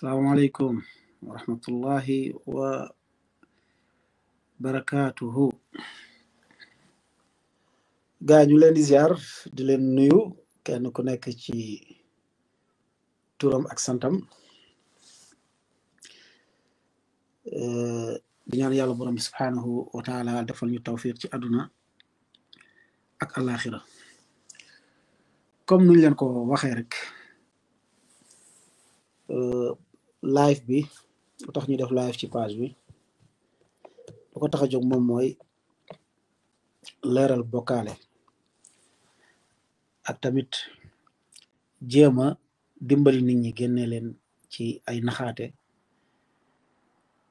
السلام عليكم ورحمة الله وبركاته gaa leen di ziar di leen nuyu kenn ku nekk ci turam ak santam eh, di ñaan yàlla borom bi subhanahu wa taala defal ñu tawfiq ci aduna ak alaxira comme nuñ ko waxee eh, live bi lu tax ñu def live ci page bi lu ko tax a jóg moom mooy leeral bokkaale ak tamit jéem a dimbali nit ñi génne leen ci ay naxaate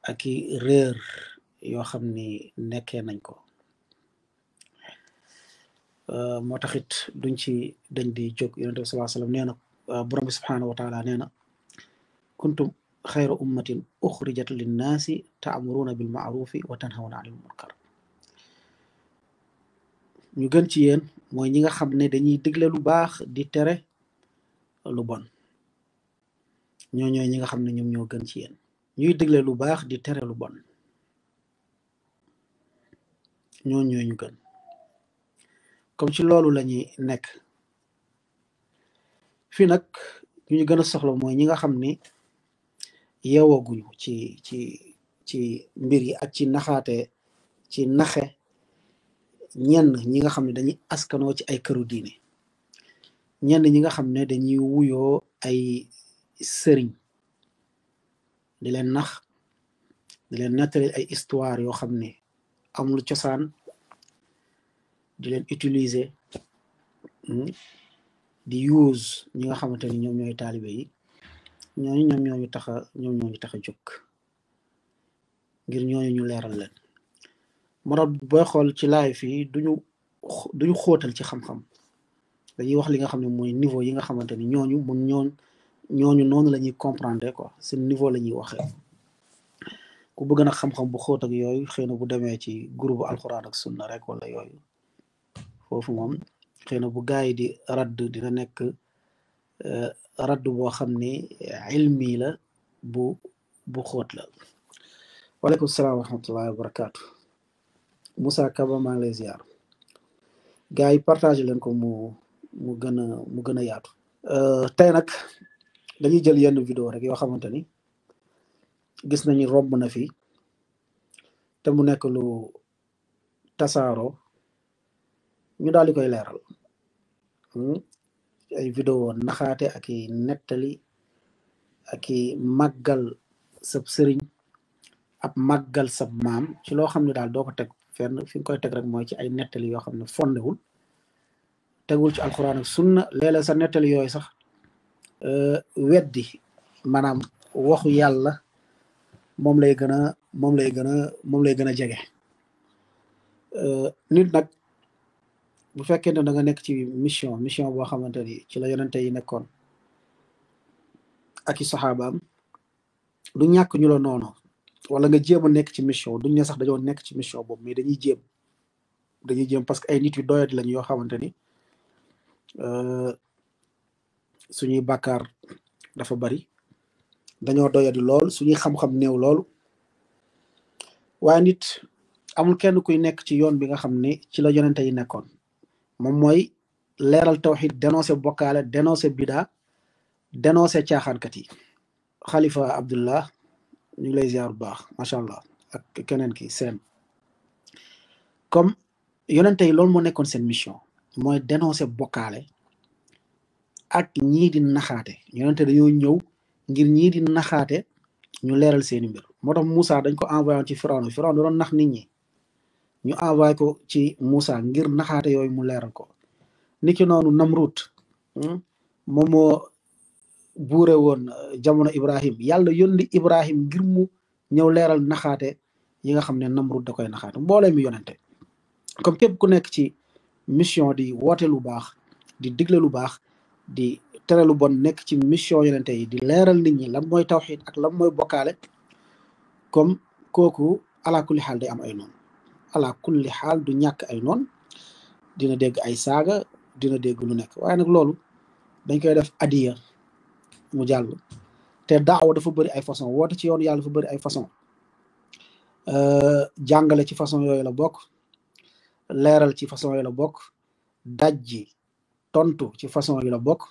ak i réer yoo xam ni nekkee nañ ko euh, moo taxit duñ ci dañ di jóg yonent bi sallallahu alayhi wa sallam nee na euh, borom bi subhanahu nee na kuntum xayra ummatin uxrijat linnaasi taamuruuna bilmaarufi wa tanhawna anil munkar ñu gën ci yéen mooy ñi nga xam ne dañuy digle lu baax di tere lu bon ñoo ñooy ñi nga xam ne ñoom ñoo gën ci yéen ñuy digle lu baax di tere lu bon ñoo ñu gën comme ci loolu lañuy nekk fii nag ñu gën a soxla mooy ñi nga xam ni yeewaguñu ci ci ci mbir yi ak ci naxaate ci naxe ñenn ñi nga xam ne dañuy askanoo ci ay këru diine ñenn ñi nga xam ne dañuy wuyoo ay sëriñ di leen nax di leen nettali ay histoire yoo xam ne amul cosaan di leen utiliser hmm, di use ñi nga xamante ni ñoom ñooy taalibe yi ñooñu ñoom ñooñu tax a ñoom ñooñu tax a jóg ngir ñooñu ñu leeral leen moo tax xool ci laay fii duñu duñu xóotal ci xam-xam dañuy wax li nga xam ne mooy niveau yi nga xamante ni ñooñu mun ñooñ ñooñu noonu la ñuy comprendre ko seen niveau la ñuy waxee ku bëgg na xam-xam bu xóot ak yooyu xëy na bu demee ci groupe alxuraan ak sunna rek wala yooyu foofu moom xëy bu gars di radd dina nekk euh, radd boo xam ne eh, ilmi la bu bu xóot la waaleykum salaam wa rahmatullahi wa barakaatu Moussa Kaba maa ngi lay ziar gars yi partagé leen ko mu mu gën a mu gën a yaatu euh, tey nag dañuy jël yenn vidéo rek yoo xamante ni gis nañu romb na fi te mu nekk lu tasaaro ñu daal di koy leeral hmm? ay vidéo naxaate ak i nettali ak i màggal sab sëriñ ab màggal sab maam ci loo xam ne daal doo ko teg fenn fi nga koy teg rek mooy ci ay nettali yoo xam ne fondewul tegul ci alxuraan ak sunna léeg-léeg sa nettali yooyu sax euh, weddi maanaam waxu yàlla moom lay gën a moom lay gën a moom lay gën a jege euh, nit nag bu fekkee ne da nga nekk ci mission mission boo xamante ni ci la yonente yi nekkoon aki i saxaabaam du ñàkk ñu la noonu wala nga jéem a nekk ci mission duñ ne sax dañoo nekk ci mission boobu mais dañuy jéem dañuy jëm parce que ay nit yu doyat lañ yoo xamante ni euh, suñuy bakaar dafa bari dañoo doyadi lool suñuy xam-xam néew lool waaye nit amul kenn kuy nekk ci yoon bi nga xam ne ci la yonente yi nekkoon moom mooy leeral tawxid dénoncé bokkaale dénoncé bida dénoncé caaxaankat yi xalifa abdullah ñu lay ziar bu baax macha allah ak keneen ki seen comme yonente yi loolu moo nekkoon seen mission mooy dénoncé bokkaale ak ñii di naxaate yonente dañoo ñëw ngir ñii di naxaate ñu leeral seeni mbir moo tax Moussa dañ ko envoyé woon ci Firawna Firawna doon nax nit ñi ñu envoyé ko ci Moussa ngir naxaate yooyu mu leeral ko niki noonu Namrud hmm, moom moo buure woon eh, jamono Ibrahim yàlla yónni Ibrahim ngir mu ñëw leeral naxaate yi nga xam ne Namrud da koy naxaate mboolee mi yonente comme képp ku nekk ci mission di woote lu baax di digle lu baax di tere lu bon nekk ci mission yonente yi di leeral nit ñi lan mooy xiit ak lan mooy bokkaale comme kooku alaakulli xaal day am ay noonu ala kulli xaal du ñàkk ay noon dina dégg ay saaga dina dégg lu nekk waaye nag loolu dañ koy def adiya mu jàll te daawa dafa bëri ay façon woote ci yoon yàlla dafa bëri ay façon euh, jàngale ci façon yooyu la bokk leeral ci façon yooyu la bokk dajji tontu ci façon yi la bokk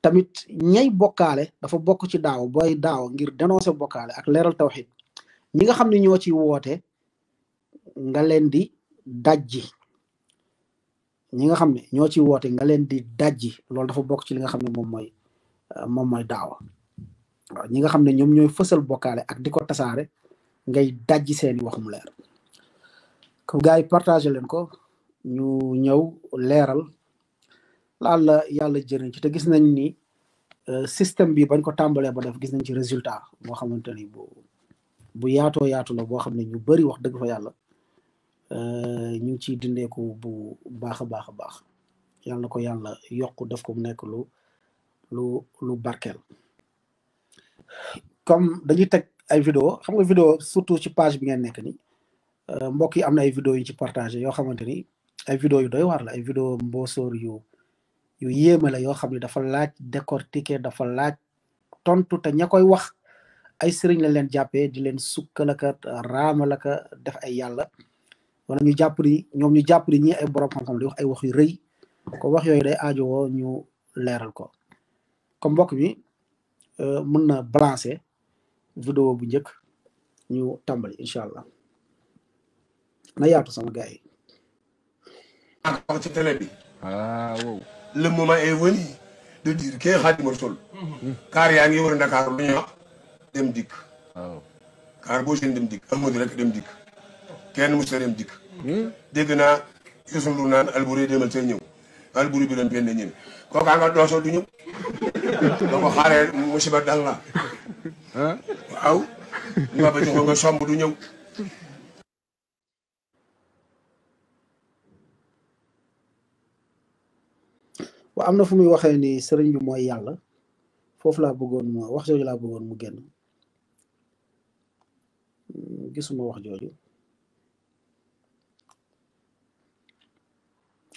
tamit ñay bokkaale dafa bokk ci daaw booy daaw ngir dénoncer bokkaale ak leeral tawxid ñi nga xam ne ñoo ci woote nga leen di dajji ñi nga xam ne ñoo ci woote nga leen di dajji loolu dafa bokk ci li nga xam ne moom mooy euh, moom mooy daawa ñi nga xam ne ñoom ñooy fësal bokkaale ak di ko tasaare ngay dajji seeni waxum leer ko gars yi partagé leen ko ñu ñëw leeral laal la yàlla jëriñ ci te gis nañ ni euh, système bi bañ ko tàmbalee ba def gis nañ ci résultat boo xamante ni bu bu yaatoo yaatu la boo xam ne ñu bari wax dëgg fa yàlla Euh, ñu ngi ciy dundeeku bu baax a baax a baax yàlla na ko yàlla yokk def ko mu nekk lu lu lu barkeel comme dañuy teg ay vidéo xam nga vidéo surtout ci page bi ngeen nekk ni euh, mbokk yi am na ay vidéo yu ci partagé yoo xamante ni ay vidéo yu doy waar la ay vidéo mboosoor yu yu yéeme la yoo xam ne dafa laaj décortiquer dafa laaj tontu ta ña koy wax ay sëriñ lañ leen jàppee di leen sukkalaka raamalaka def ay yàlla wala ñu jàpp ñoom ñu jàpp ni ñi ay borom xam-xam di ay wax rëy ko wax yooyu day aajowoo ñu leeral ko comme mbokk bi euh, mën na balancer vidéo bu njëkk ñu tàmbali incha allah na yaatu sama gars yi. wax ci télé ah, de dire que Xaadimu Rasuul. kaar yaa ngi wër Ndakaaru lu ñuy wax dem dikk. kenn mu sëreem dikk hmm? dégg naa Youssou Ndour naan Alboury demal seen ñëw Alboury bi doon benn ñëw kooka nga doosoo du ñëw doo ko xaaree musiba dal la waaw ñu ma ba jox nga somb du ñëw wa am na fu muy waxee ni sëriñ bi mooy yàlla foofu laa bëggoon wax jooju laa bëggoon mu génn hmm, gisuma wax jooju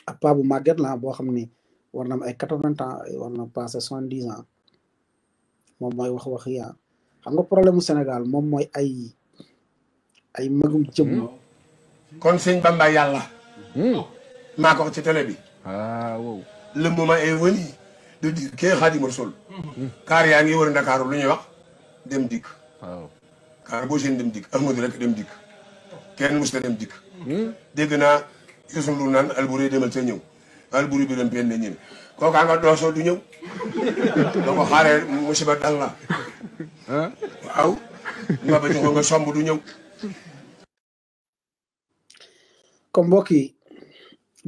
ab bu màgget la boo xam ni war na am ay quatre vingt ans war na passé soixante dix ans moom mooy wax wax yaa xam nga problème mu Sénégal moom mooy ay ay magum jëm. Hmm. kon sëñ Bamba yàlla. Hmm. maa ko wax ci télé bi. waaw. le moment est venu de dire kee Xaadimu Rasuul. Hmm. kaar yaa ngi wër Ndakaaru lu ñuy wax dem dikk. waaw kaar boo seen dem dikk Ahmadu rek dem dikk kenn mus dem dikk. dégg naa. Youssou Ndour naan Alboury demal sa ñëw Alboury bi dem benn ñebe kooku a nga doosoo du ñëw da ko xaaree musiba dal la waaw nga ba ko nga somb du ñëw. comme mbokk yi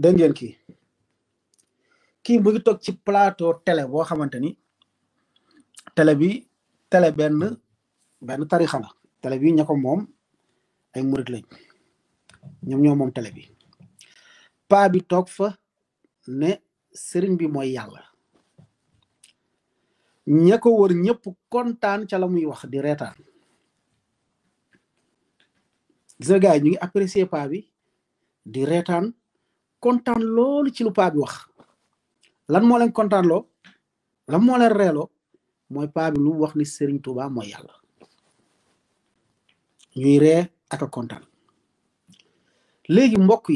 dégg ngeen kii kii mu ngi toog ci plateau télé boo xamante ni bi télé benn benn tarixa la télé bi ña ko ay murit lañ ñoom ñoo moom télé bi. paa bi toog fa ne sëriñ bi mooy yàlla ña ko wër ñëpp kontaan ca la muy wax di reetaan gis gaay ñu ngi apprécier paa bi di reetaan kontaan loolu ci lu paa wax lan moo leen kontaan loo lan moo leen reeloo mooy paa lu wax ni sëriñ Tuuba mooy yàlla ñuy ree ak kontaan léegi mbokk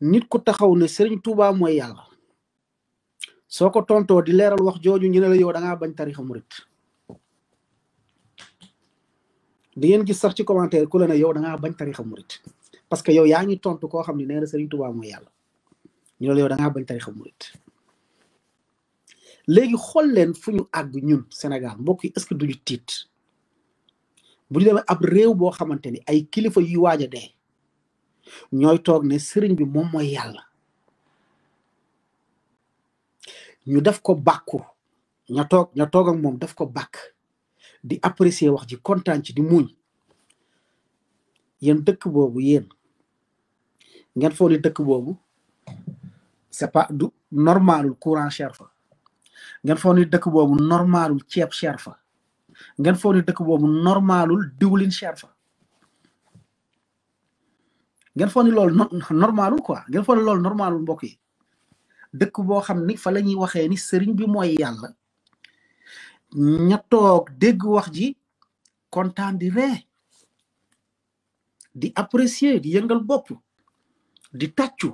nit ku taxaw ne Serigne Touba mooy yàlla soo ko tontoo di leeral wax jooju ñu ne la yow da bañ tarixa murit di ngeen gis sax ci commentaire ku la ne yow da bañ tarixa murit parce que yow yaa ngi tontu koo xam ne nee na Serigne Touba mooy yàlla ñu ne la yow da ngaa bañ murit léegi xool leen fu ñu àgg ñun Sénégal mbokk yi est-ce que duñu tiit bu ñu demee ab réew boo xamante ni ay kilifa yu waaj a dee ñooy toog ne sëriñ bi moom mooy yàlla ñu def ko bàkku ña toog ña toog ak moom def ko bàkk di apprécier wax ji kontaan ci di muñ yéen dëkk boobu yéen ngeen foo ni dëkk boobu c'est pas du normalul courant cher fa ngeen foo ni dëkk boobu normalul ceeb cher fa ngeen foo ni dëkk boobu normalul diwlin cher fa ngeen foog ni loolu normalul quoi ngeen foog ni loolu normalul mbokk yi dëkk boo xam ni fa la ñuy waxee ni sëriñ bi mooy yàlla ña dégg wax ji kontaan di ree di apprécier di yëngal bopp di taccu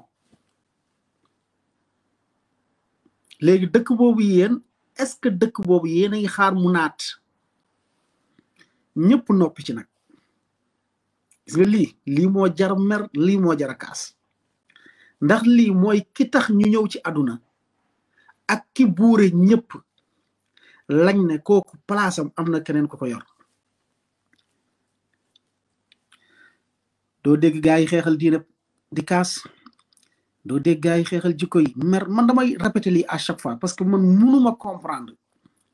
léegi dëkk boobu yéen est-ce que dëkk boobu yéen a ngi xaar mu naat ñëpp noppi ci nag gis lii moo jar mer lii moo jar a kaas ndax lii mooy ki tax ñu ñëw ci àdduna ak ki buure ñëpp lañ ne kooku palaasam am na keneen ku ko yor doo dégg gaay yi xeexal diine di kaas doo dégg gaa yi xeexal jikko yi mer man damay répété lii à chaque fois parce que man mënuma comprendre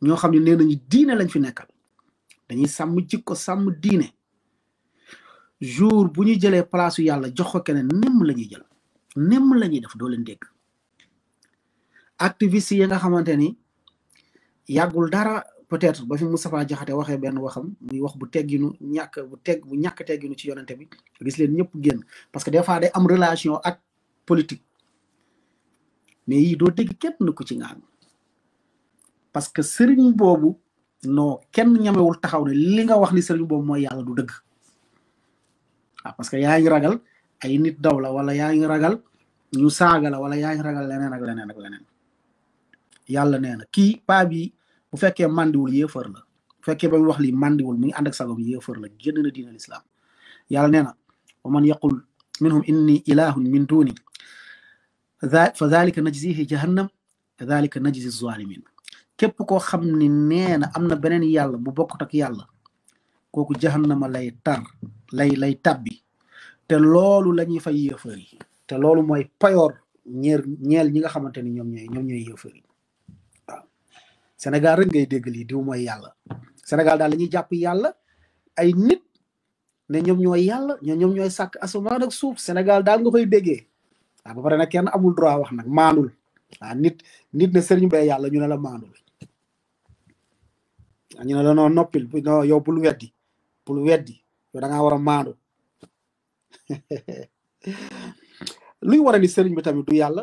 ñoo xam ne nee nañu diine lañ fi nekkal dañuy sàmm jikko sàmm diine jour bu ñu jëlee place yàlla jox ko keneen nemm la ñuy jël nemm la ñuy def doo leen dégg activiste yi nga xamante ni yàggul dara peut ba fi mu Moustapha Diakhaté waxee benn waxam muy wax bu tegginu ñàkk bu teg bu ñàkk tegginu ci yonente bi gis leen ñëpp génn parce que des fois day am relation ak politique mais yii doo dégg kenn ku ci ngaan parce que sëriñ boobu non kenn ñamewul taxaw ne li nga wax ni sëriñ boobu mooy yàlla du dëgg Ah, parce que yaa ragal ay nit daw la wala yaa ngi ragal ñu saaga la wala yaa ragal leneen ak leneen ak leneen yàlla nee na kii paa bi bu fekkee mandiwul yéefar la bu fekkee ba mu wax lii mandiwul mi ngi ànd ak sagom yéefar la génn na diina lislaam yàlla nee na wa man yaqul minhum inni ilahun min duni fa dalika najzihi jahannam dalika najzi zalimin képp koo xam ne nee na am na beneen yàlla bu bokkut ak yàlla kooku jahannama lay tar lay lay tabbi te loolu lañuy fay yëfër yi te loolu moy payor ñeel ñeel ñi nga xamanteni ñom ñoy ñom ñoy ñooy yi senegal Sénégal rek ngay dégg li diw moy yalla Sénégal daal lañuy japp yalla ay nit ne nyom ñooy yàlla ñom ñoy sak asamaan ak suuf Sénégal daal nga koy déggé waaw ba paré nak kenn amul droit wax nak manul ah nit nit ne serigne bee yalla ñu ne la manul ñu ne la no nopil non yow bul weddi lu weddi yow da nga wara mandu luy wara ni serigne bi tamit du yalla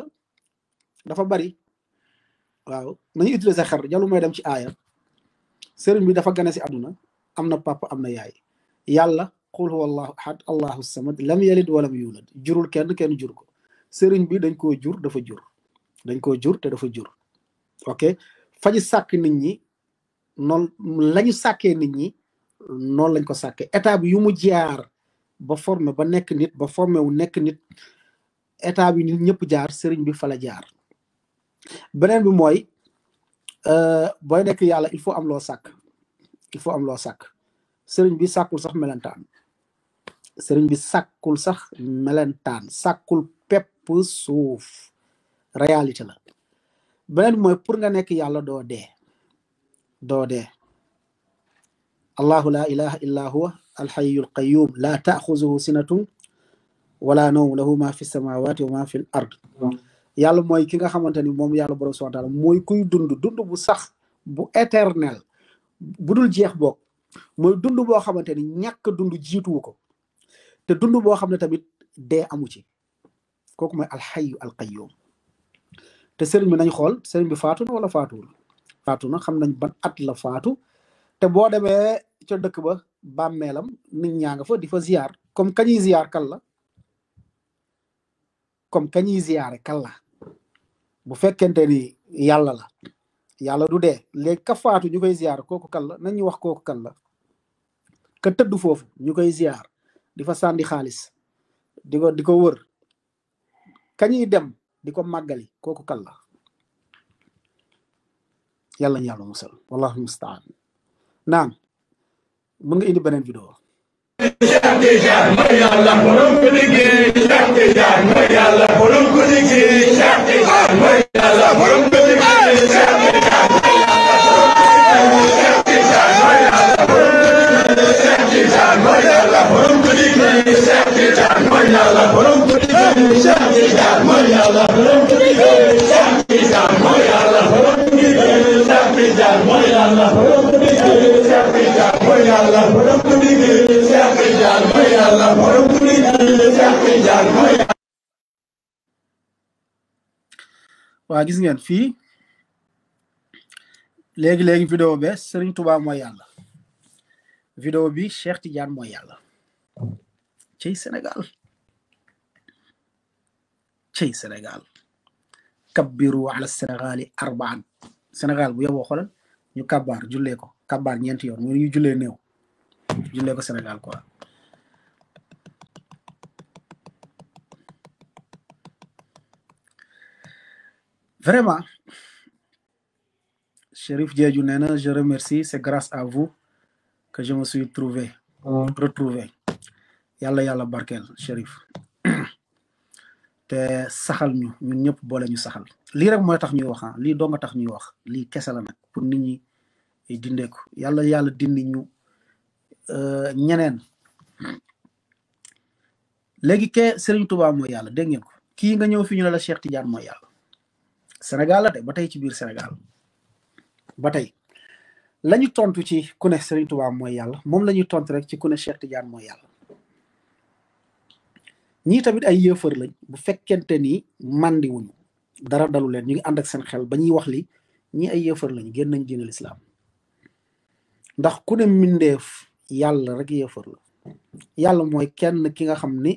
dafa bari waaw nañu utiliser xar jalu may dem ci aya serigne bi dafa gane si aduna amna papa amna yaay yalla qul huwallahu allahu ahad allahu samad lam yalid walam yulad jurul kenn kenn jur ko serigne bi dañ ko jur dafa jur dañ ko jur te dafa jur ok faji sak nit ñi non lañu nit ñi non lañ ko sàkke état bi yu mu jaar ba formé ba nek nit ba formé wu nek nit état bi nit ñepp jaar sëriñ bi fa la jaar benen bi euh boy nek yalla il faut am lo sak il faut am lo sak sëriñ bi sakul sax melantan sëriñ bi sakul sax melantan sakul pep souf réalité la benen moy pour nga الله لا إله إلا هو الحي القيوم لا تأخذه سنة wala nawm lahu ma fi samawati wa ma fi l ard yàlla mooy ki nga xamante ni moom yàlla borom subhana taala mooy kuy dund dund bu sax bu éternel bu dul jeex boog mooy dund boo xamante ni ñàkk dund jiituwu ko te dund boo xam ne tamit dee amu ci kooku mooy alxayu alqayyum te sëriñ bi nañ xool sëriñ bi faatu na wala faatuwul faatu na xam nañ ban at la faatu te boo demee ca dëkk ba bàmmeelam nit ñaa nga fa di fa ziar comme kañuy ziar kan la comme kañuy kalla bu fekkente ni yàlla la yàlla du dee léegi ka faatu ñu koy ziar kooku kan la nañu wax kooku kan ka tëdd foofu ñu koy ziar di fa sandi xaalis di ko di ko wër kañuy dem di ko màggali kooku kan la yàlla ñu yàlla musal wallahu mustaan naam mun nga indi beneen yàlla waa gis ngeen fii léegi léegi vidéo be Serigne Touba mo yàlla vidéo bi Cheikh Tidiane mooy yàlla cey Sénégal cey Sénégal kabbiru ala Sénégali arbaan Sénégal bu yeboo xoolal ñu kabbaar jullee ko. kabaar ñeenti yoon mooy ñu jullee néew jullee ko Sénégal quoi. Vraiment, Chérif Diédhiou Nena, je remercie c'est grâce à vous que je me suis trouvé mm. retrouvé Yalla yalla barkel, Chérif te saxal ñu ñun ñëpp boole ñu saxal Li rek mooy tax ñuy wax li ah. lii nga tax ñuy wax li kessa la nag pour nit ñi dindeeku yàlla yàlla dindi ñu euh, ñeneen léegi ke Serigne Touba mooy yàlla dégg ngeen ko kii nga ñëw fii ñu ne la Cheikh Tidiane mooy yàlla Sénégal la de ba tey ci biir senegal ba tey lañu tontu ci ku ne Serigne Touba mooy yàlla moom la ñuy tontu rek ci ku ne Cheikh mooy yàlla ñii tamit ay yëfër lañ bu fekkente ni màndi wuñu dara dalu leen ñu ngi ànd ak seen xel ba ñuy wax li ñii ay yëfër lañ génn nañ diinal lislaam ndax ku ne mbindeef yàlla rek yéefar la yàlla mooy kenn ki nga xam ni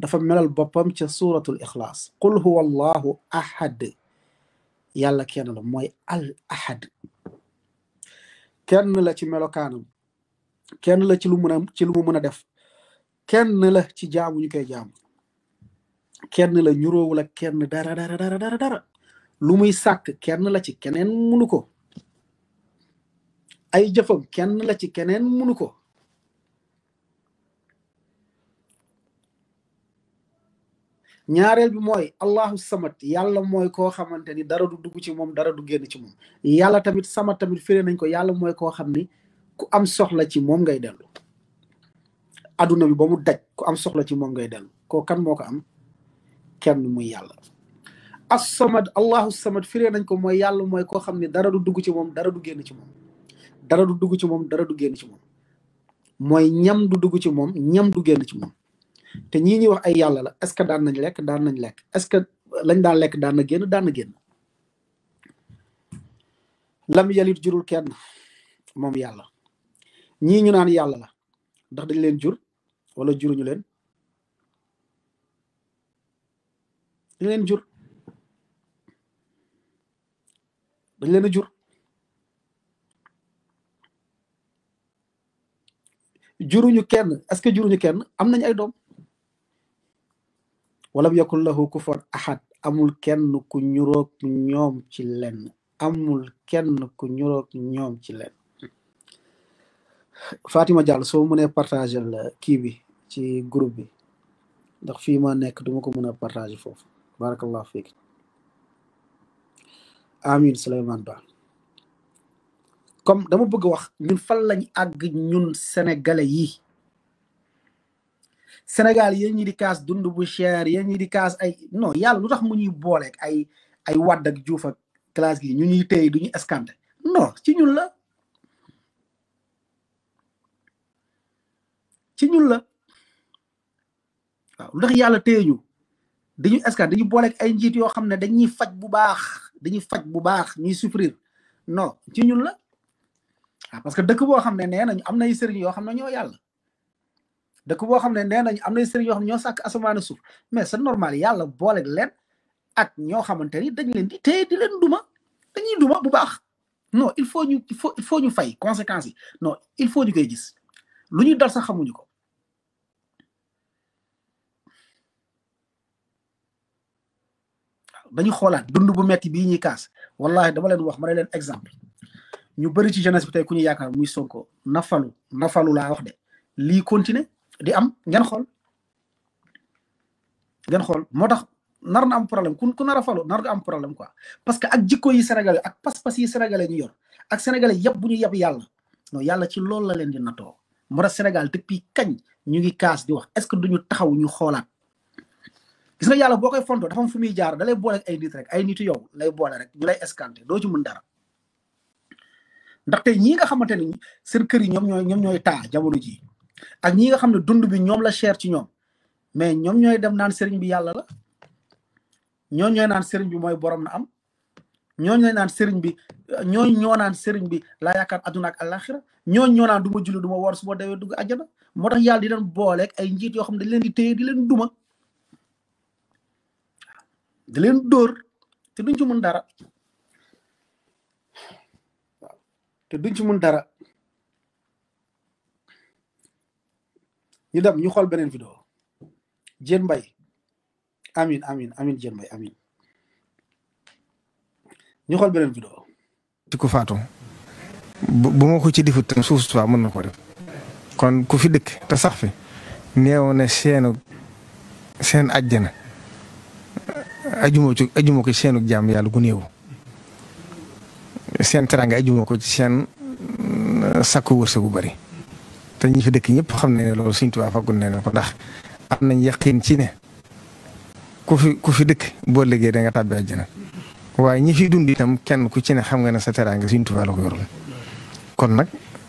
dafa melal boppam ca suuratul ixlaas qul huwa allahu ahad yàlla kenn la mooy al ahad kenn la ci melokaanam kenn la ci lu mun a ci lu mën a def kenn la ci jaamu ñu koy jaamu kenn la ñuróowu la kenn dara dara dara lu muy sàkk kenn la ci keneen munu ko ay jëfam kenn la ci keneen munu ko ñaareel bi mooy allahu samat yàlla mooy koo xamante ni dara du dugg ci moom dara du génn ci moom yàlla tamit samat tamit firee nañ ko yàlla mooy koo xam ni ku am soxla ci moom ngay dellu aduna bi ba mu daj ku am soxla ci moom ngay dellu koo kan moo ko am kenn muy yàlla as samad allahu samad firee nañ ko mooy yàlla mooy koo xam ni dara du dugg ci moom dara du génn ci moom dara du dugg ci moom dara du génn ci moom mooy ñam du dugg ci moom ñam du génn ci moom te ñii ñuy wax ay yàlla la est-ce que daan nañ lekk daan nañ lekk est-ce que lañ daan lekk daan na génn daan na génn lam yalit jurul kenn moom yàlla ñii ñu naan yàlla la ndax dañ leen jur wala juruñu leen dañ leen jur dañ leen a jur juruñu kenn est-ce que juruñu kenn am nañ ay doom walam yakul lahu kufuwan ahad amul kenn ku ñuroog ñoom ci lenn amul kenn ku ñurook ñoom ci lenn Fatima Diallo soo mënee partagé la kii bi ci groupe bi ndax fii ma nekk duma ko mën a partagé foofu barakallahu fiik amin Souleymane comme dama bëgg wax ñun fan lañ àgg ñun sénégalais yi Sénégal yéen ñi di kaas dund bu cher yéen ñi di kaas ay non yàlla lu tax mu ñuy booleeg ay ay Wàdd ak Juuf gi ñu ñuy téye du ñu ci ñun la ci ñun la waaw lu tax yàlla téye ñu dañu escanté dañu booleeg ay njiit yoo xam ne dañuy faj bu baax dañuy faj bu baax ñuy souffrir non ci ñun la parce que dëkk boo xam ne nee nañu am nay sëriñ yoo xam ne ñoo yàlla dëkk boo xam ne nee nañu am nay sëriñ yoo xam ne ñoo sàkk asamaan suuf mais c'est normal yàlla boole leen ak ñoo xamante ni dañ leen di téye di leen duma dañuy bu baax non il faut ñu il faut ñu fay conséquence yi non il faut ñu koy gis lu ñu dal sax xamuñu ko. dañu xoolaat dund bu metti bii ñuy kaas wallahi dama leen wax ma ne leen exemple. ñu bëri ci jeunesse bi ku ñu yaakaar muy Sonko nafalu nafalu laa wax de lii continuer di am ngeen xool ngeen xool moo tax nar na am problème ku ku nar a falu nar nga am problème quoi parce que ak jikko yi sénégalais ak pas-pas yi sénégalais ñu yor ak sénégalais yëpp bu ñu yab yàlla non yàlla ci loolu la leen di natoo moo tax Sénégal depuis kañ ñu ngi kaas di wax est-ce que duñu taxaw ñu xoolaat gis nga boo koy fontoo dafa am fu muy jaar da lay boole ak ay nit nitu yow lay boole rek ñu lay escanté doo ci mën dara ndaxte ñii nga xamante ni seen kër yi ñoom ñooy ñoom ñooy taa jamono jii ak ñi nga xam ne dund bi ñoom la cher ci ñoom mais ñoom ñooy dem naan sëriñ bi yàlla la ñoo ñooy naan sëriñ bi mooy borom na am ñoo ñooy naan sëriñ bi ñoo ñoo naan sëriñ bi laa yaakaar adduna ak àllaaxira ñoo ñoo naan du ma julli du ma woor su ma dewee dugg àjjana moo tax yàlla di leen booleeg ay njiit yoo xam ne leen di téye leen duma di leen dóor te duñ ci mën dara te duñ ci mun dara ñu dem ñu xol benen video jeen mbay amin amin amin jeen mbay amin ñu xol benen video ci ku faatu bu moko ci difu tam suuf tuba mën na def kon ku fi dëkk te sax fi neew na seenu seen aljana ci seenu yalla gu seen teranga ajuma ko ci seen mm, sakku wërsëg bu bari te ñi fi dëkk ñëpp xam ne loolu Sëriñ Tuubaa faggul ne ko ndax am nañ yaqin ci ne ku fi dëkk boo liggéey da nga tàbbi àjjana waaye dund itam kenn ku ci xam nga ne sa teranga Sëriñ Tuubaa la kon nag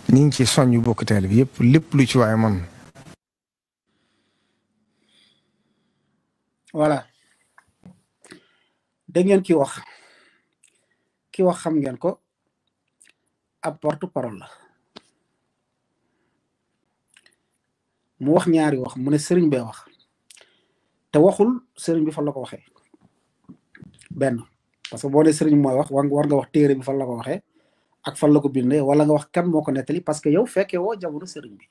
ñu ngi ci soññ bokk teel bi yëpp lépp lu ci waaye man voilà dégg ngeen ki wax. ki wax xam ngeen ko ab porte parole la mu wax ñaari wax mu ne sëriñ bee wax te waxul sëriñ bi fan la ko waxee benn parce que boo ne sëriñ mooy wax war nga wax téere bi fan la ko waxee ak fan la ko bindee wala nga wax kan moo ko nettali parce que yow fekkee wo jamono sëriñ bi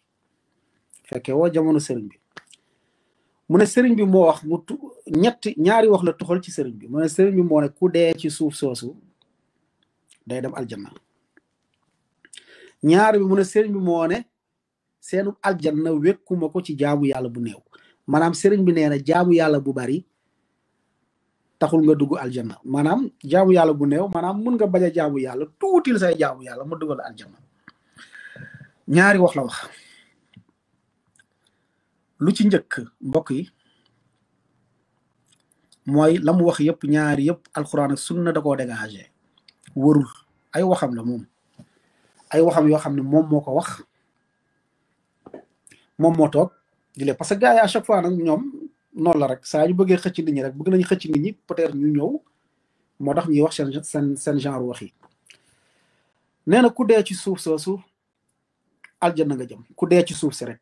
fekkee woo jamono sëriñ bi mu ne sëriñ bi moo wax mu ñetti ñaari wax la tuxal ci sëriñ bi mu ne sëriñ bi moo ne ku dee ci suuf soosu day dem aljana ñaar bi mu ne sëriñ bi moo ne seenu ko ci jaamu yàlla bu néew maanaam sëriñ bi nee na jaamu yàlla bu bari taxul nga dugg aljanna maanaam jaamu yàlla bu néew maanaam mun nga bañ a jaamu yàlla tuutil say jaamu yàlla mu dugal aljanna ñaari wax la wax lu ci njëkk mbokk yi mooy la mu wax yëpp ñaari yëpp alxuraan ak sunna da koo dégagé warul ay waxam la moom ay waxam yoo xam ne moom moo ko wax moom moo toog di leen parce que gars a à chaque fois nag ñoom noonu la rek saa ñu bëggee xëcc nit ñi rek bëgg nañ xëcc nit ñi peut-être ñu ñëw moo tax ñuy wax seen seen seen genre wax yi nee na ku dee ci suuf soosu aljanna nga jëm ku dee ci suuf si rek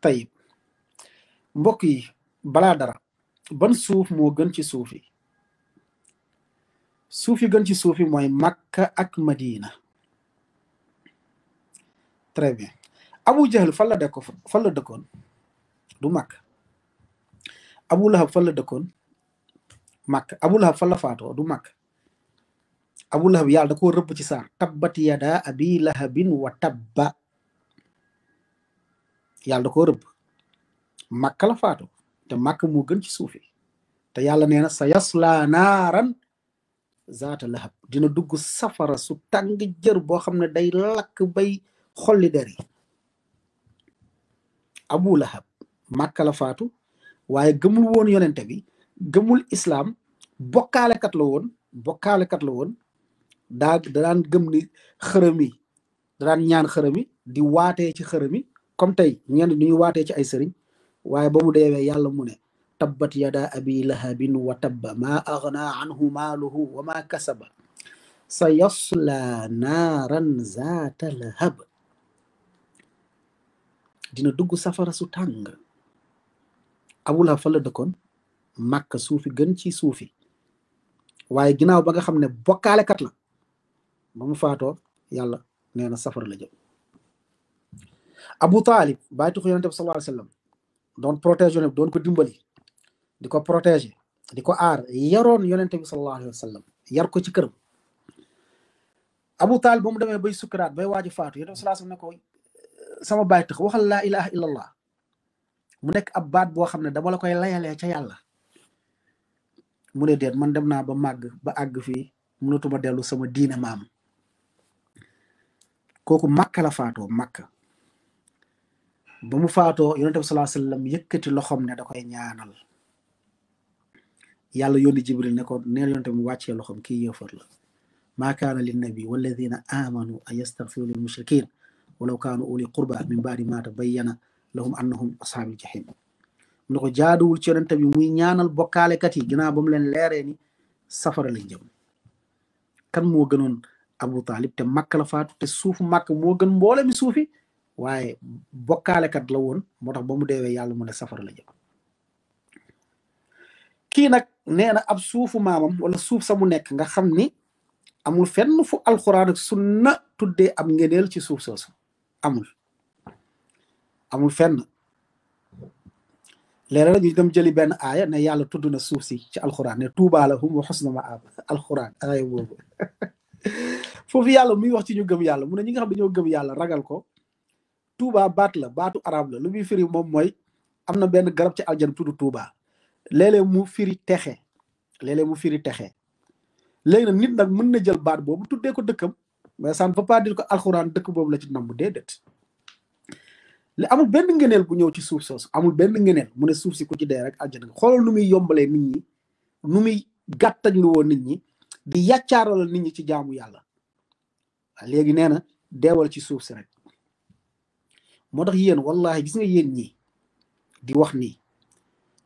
tayib mbokk yi balaa dara ban suuf moo gën ci suuf yi suuf yu gën ci suuf yi mooy Makka ak Madina très bien Abu Jahl fan la dëkkoon du Makka Abu Lahab fan la dëkkoon Abu Lahab fan faatoo du Makka Abu Lahab yàlla da koo rëbb ci saar tabbat yada abi lahabin wa tabba da koo rëbb Makka faatoo te Makka moo gën ci suuf yi te yàlla nee sa yasla naaran zaata lahab dina dugg safara su tàng jër boo xam ne day lakk bay xolli der yi abu lahab màkka faatu waaye gëmul woon yonente bi gëmul islaam bokkaalekat la woon bokkaalekat la woon daa da daan gëm ni xërëm yi da daan ñaan xërëm yi di waatee ci xërëm yi comme tey ñenn ñuy waatee ci ay sëriñ waaye ba mu deewee yàlla mu ne tabbat yada abi lahabin wa tabba ma agna anhu maaluhu wa ma kasaba sa yasla naaran zaata lahab dina dugg safara su tàng Abu Lahab fa la dëkkoon màkk suufi gën ci suufi waaye ginnaaw ba nga xam ne bokkaalekat la ba mu faatoo yàlla nee na la jëm Abu Taalib bàyyi tuxu yonente bi sallallahu alayhi wa sallam doon protéger doon ko dimbali di ko protéger di ko aar yaroon yonente bi sallallahu alayhi wa sallam yar ko ci këram abu taal mu demee bay sukkaraat bay waaju faatu yonente bi sallallahu ko sama baay tax waxal laa ilaha mu nekk ab baat boo xam ne dama la koy layalee ca yàlla mu ne déet man dem naa ba màgg ba àgg fii mënatuma dellu sama diine maam kooku màkka la faatoo màkka ba mu faatoo yonente bi sallallahu alayhi wa sallam ne da koy ñaanal yàlla yónni jibril ne ko neel yonte mu wàccee loxom kii yéefar la maa kaana linnabi walladina amanu an yastaghfiru lil mushrikin walaw kaanu uli qurba min baadi maa tabayyana lahum annahum ashaabil jahim mu ne ko jaaduwul ci yonente bi muy ñaanal bokkaalekat yi ginnaaw ba mu leen leere ni safara lañ jëm kan moo gënoon abu taalib te màkk la faatu te suufu màkk moo gën mboole mi suufi waaye bokkaalekat la woon moo tax ba mu deewee yàlla mu ne safara la jëm nee na ab suufu maamam wala suuf sa mu nekk nga xam ni amul fenn fu alxuraan ak sunna tuddee am ngeneel ci suuf soosu amul amul fenn léeg-léeg ñu dem jëli benn aaya ne yàlla tudd na suuf si ci alxuraan ne tuubaa lahum wa ma maab alxuraan aaya boobu foofu yàlla muy wax ci ñu gëm yàlla mu ne ñi nga xam dañoo gëm yàlla ragal ko tuubaa baat la baatu arab la lu muy firi moom mooy am na benn garab ci aljan tudd tuubaa léeg mu firi texe léeg mu firi texe léegi nag nit nag mën na jël baat boobu tuddee ko dëkkam mais ça ne ko alxuraan dëkk boobu la ci namb déedéet li amul benn ngëneel bu ñëw ci suuf soosu amul benn ngëneel mu ne suuf si ku ci dee rek aljana xoolal nu muy yombalee nit ñi nu muy gàttañ lu woo nit ñi di yàccaaral nit ñi ci jaamu yàlla léegi nee na deewal ci suuf si rek moo tax yéen wallahi gis nga yéen ñi di wax nii